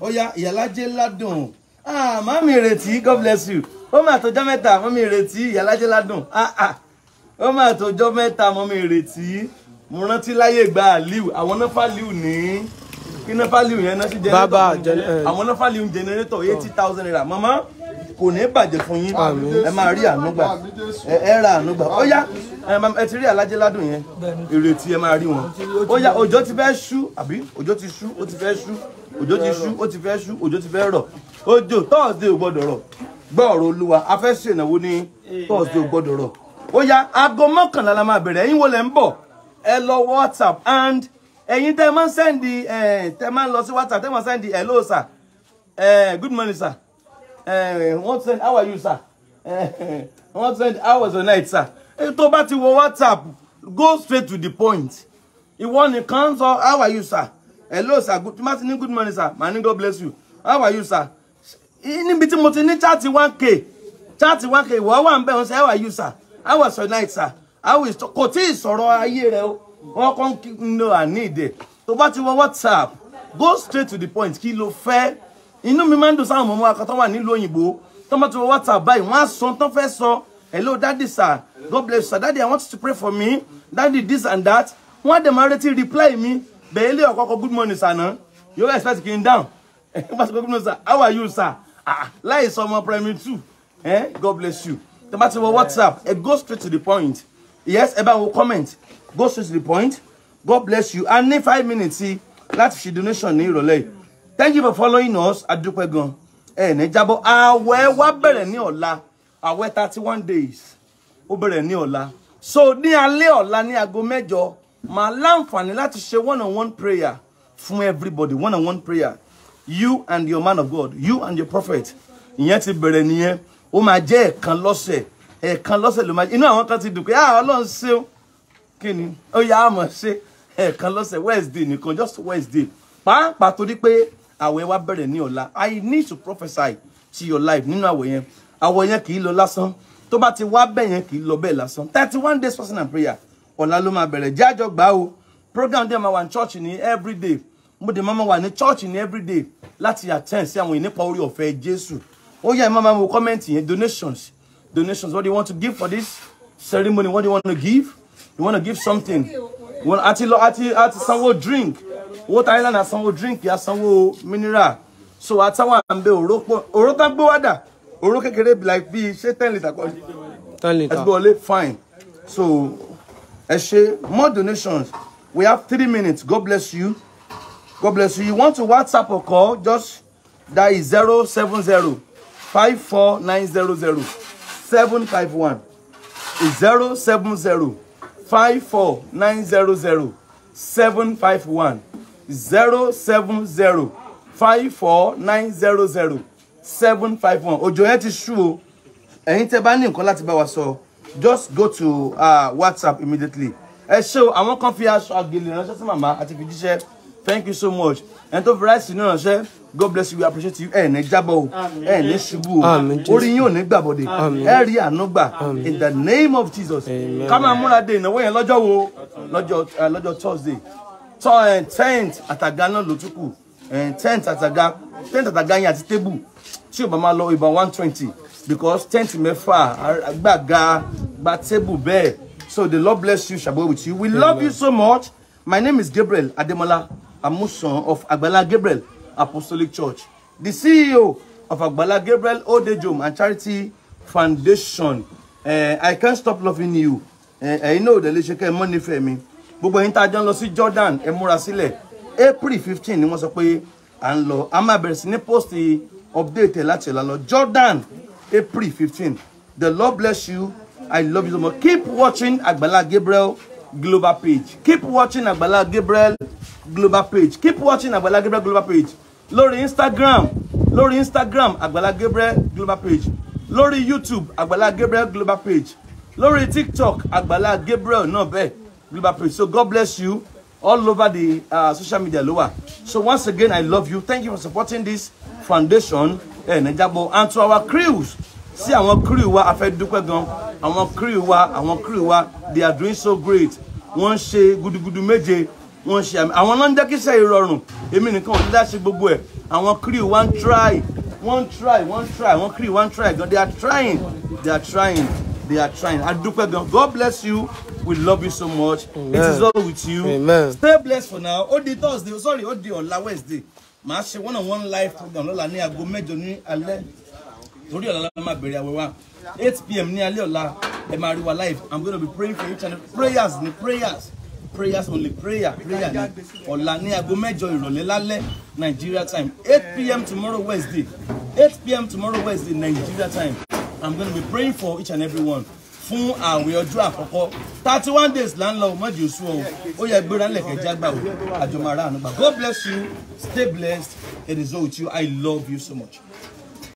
ó yá ìyálàjẹ ládùn ah mami ìrètí god bless you ó mà tọjọ́ mẹ́ta mami ìrètí ìyálàjẹ ládùn ah ah ó mà tọjọ́ mẹ́ta mami ìrètí mo rántí láyé gba aliu àwọn náà fà liu ní iná fálíù yẹn náà sí jẹnẹrétọ̀ eh. àwọn náà fálíù jẹnẹrétọ̀ eighty thousand naira màmá kò ní bàjẹ́ fún yín ẹ máa rí ànúgbà ẹ ra ànúgbà ó yá ẹ ti rí alájẹ ládùn yẹn ìrètí ẹ máa rí wọn ó yá òjò ti fẹ́ ṣú àbí òjò ti ṣú ó ti fẹ́ ṣú òjò ti ṣú ó ti fẹ́ ṣú òjò ti fẹ́ rọ̀ òjò tọ́ọ̀sì ò gbọ́dọ̀ rọ̀ gbọ́ ọ̀rọ̀ olúwa a fẹ́ ṣe ìnáwó ní tọ́ọ̀sì ò gbọ́dọ̀ rọ̀ ó yá aago mọ́kànlá la máa bẹ̀rẹ̀ ẹ̀yin wo lẹ́ ń bọ̀ ẹ lọ WhatsApp and ẹ̀yin tẹ́ máa ń sẹ́ndì tẹ́ máa ń lọ sí whatsapp tẹ́ máa ń sẹ́ndì hello sir good morning sir wọ́n send how are you sir wọ́n send how was your night sir tó bá ti wo whatsapp go straight to the point ìwọ nìkan sọ how are you sir hello sir good morning good morning sir my name god bless you how are you sir níbi tí mo ti ní chaati one k chaati one k ìwọ wà ń bẹ̀ wọ́n sẹ́ how are you sir how was your night sir how is kò tí ì sọ̀rọ̀ ayé rẹ o wọ́n kàn ń lo àníìdẹ̀ tó bá ti wọ WhatsApp go straight to the point kí ló fẹ́ inú mi máa ń dùn sáwọn ọmọ wa kan tó wà nílùú òyìnbó tó bá ti wọ WhatsApp báyìí wọ́n á sọ tán fẹ́ sọ hello daddy sir god bless sir daddy i want you to pray for me daddy this and that wọ́n á dẹ̀ máa retí reply mi bẹ̀ẹ́ ilé ọ̀kọ́kọ́ good morning sir náà yóò expect kí down bá ti gbé good morning sir how are you sir ah, ah, láì sọ ọmọ primary two eh, god bless you tó bá ti wọ WhatsApp ẹ go straight to the point yes ẹ bá wo comment go straight to the point god bless you a ní five minutes See, that's ṣe donation ní ìrọ̀lẹ́ thank you for following us At gan ẹ̀ ní jábọ̀ àwẹ̀ wa bẹ̀rẹ̀ ní ọ̀la àwẹ̀ thirty one days ó bẹ̀rẹ̀ ní ọ̀la so ní alẹ́ ọ̀la ní aago mẹ́jọ máa láǹfààní láti ṣe one on one prayer from everybody one on one prayer you and your man of God you and your prophet ìyẹn ti bẹ̀rẹ̀ nìyẹn ó máa jẹ́ ẹ̀ẹ̀kan lọ́sẹ̀ ẹ̀ẹ̀kan lọ́sẹ̀ ló máa inú àwọn kan ti dùn ah ọlọ́run kí ni ó yá àmọ̀ ṣe ẹ̀ẹ̀kan lọ́sẹ̀ wednesday nìkan just wednesday pàápàá torí pé àwẹ̀ wa bẹ̀rẹ̀ ní ọ̀la i need to prophesy to your life nínú àwẹ̀ yẹn àwẹ̀ yẹn kì í lọ lásán tó bá ti wá bẹ̀ yẹn kì í lọ bẹ́ẹ̀ lásán thirty one days fasting and prayer ọ̀la ló máa bẹ̀rẹ̀ jájọ gbà o program dé máa in ní church ní everyday mo dé máa wà ní church ní everyday láti attend sí àwọn ìnípa orí ọ̀fẹ́ jésù ó yá ìmọ̀ máa wo comment yẹn donations donations what do you want to give for this ceremony what do you want to give you want to give something you want àti lọ ati àti sanwó drink owó thailand àsanwó drink àsanwó mineral so àtàwọn àǹbẹ òró pọ òró tán gbé wádà òró kékeré like be ṣé ten litre kọ́ ten litre àti fine so ẹ more donations we have three minutes god bless you god bless you you want to whatsapp or call just that is zero seven zero five four nine zero zero seven five one zero seven zero five four nine zero zero seven five one zero seven zero five four nine zero zero seven five one òjò yẹn ti ṣú o ẹ̀yin tẹ́ bá ní nǹkan láti bá wa sọ just go to uh, whatsapp immediately ẹ ṣé o àwọn kan fi aṣọ àgbèlè ránṣẹ́ sí màmá àti fi jíṣẹ́ thank you so much ẹni tó fi ráìsì ní ránṣẹ́. God bless you we appreciate you ẹ ní jábọ̀ o ẹ ní ṣubú o orí yín ní gbàbọ̀dẹ̀ ẹ rí in the name of Jesus ká máa múra de ìnáwó yẹn lọ́jọ́ wo lọ́jọ́ eh, Thursday eh, tent àtàgà náà ló tún kù eh, tent àtàgà tent àtàgà yẹn àti table tí o bá máa lọ ìbọn one twenty because tent mẹ́fà gbàgà gba table bẹ́ẹ̀ so the Lord bless you shabo with you we love you so much my name is Gabriel Ademola Amusan of Agbala Gabriel. Apostolic Church, the CEO of Agbala Gabriel Old and Charity Foundation. Uh, I can't stop loving you. Ẹ̀yin náà ò dẹ̀ lè ṣe kẹ́ ẹ mọ́ nífẹ̀ẹ́ Gbogbo ẹ̀yin tá jọ lọ sí Jordan ẹ múra sílẹ̀. April fifteen ni wọ́n sọ pé à ń lọ. A máa bẹ̀rẹ̀ sí ní post update ẹ̀ láti lo. Jordan April fifteen. The Lord bless you. I love you so much. Keep watching Agbala Gabriel global page. Keep watching Agbala Gabriel global page keep watching Agbala Gabriel global page lórí instagram lórí instagram Agbala Gabriel global page lórí youtube Agbala Gabriel global page lórí tiktok Agbala Gabriel náà bẹ́ẹ̀ global page so god bless you all over the uh, social media ló so once again i love you thank you for supporting this foundation ẹ nìjàbọ and to our crews sí àwọn crew wa a fẹ́ dúpẹ́ gan àwọn crew wa àwọn crew wa they are doing so great wọ́n ń ṣe gudugudu méje wọ́n ṣe àmì àwọn náà ń jẹ́kíṣẹ́ ìrọ̀rùn èmi nìkan ò ní láṣẹ gbogbo ẹ̀ àwọn crew wọ́n try wọ́n try wọ́n try wọ́n crew wọ́n try gan they are trying they are trying they are trying adúpẹ́ gan God bless you we love you so much Amen. it is all with you Amen. stay blessed for now ó di Thursday sorry ó di ọ̀la Wednesday màá ṣe one on one live program lọ́la ní aago mẹ́jọ ní alẹ́ torí ọ̀la la máa bẹ̀rẹ̀ àwẹ̀ eight pm ní alẹ́ ọ̀la ẹ máa rí wa live i'm gonna be praying for you channel prayers ni prayers prayers only prayer prayer ni ọ̀la ní aago mẹ́jọ ìrọ̀lẹ́ lálẹ́ Nigeria time eight pm tomorrow Wednesday eight pm tomorrow Wednesday Nigeria time I'm gonna be praying for each and every one fún àwẹ̀ ọjọ́ àkọ́kọ́ thirty one days là ń lọ mọ́jú oṣù o ó yẹ gbéra ńlẹ̀ kẹjá o àjọmọ̀ ara àánú gbà God bless you stay blessed it is all with you I love you so much.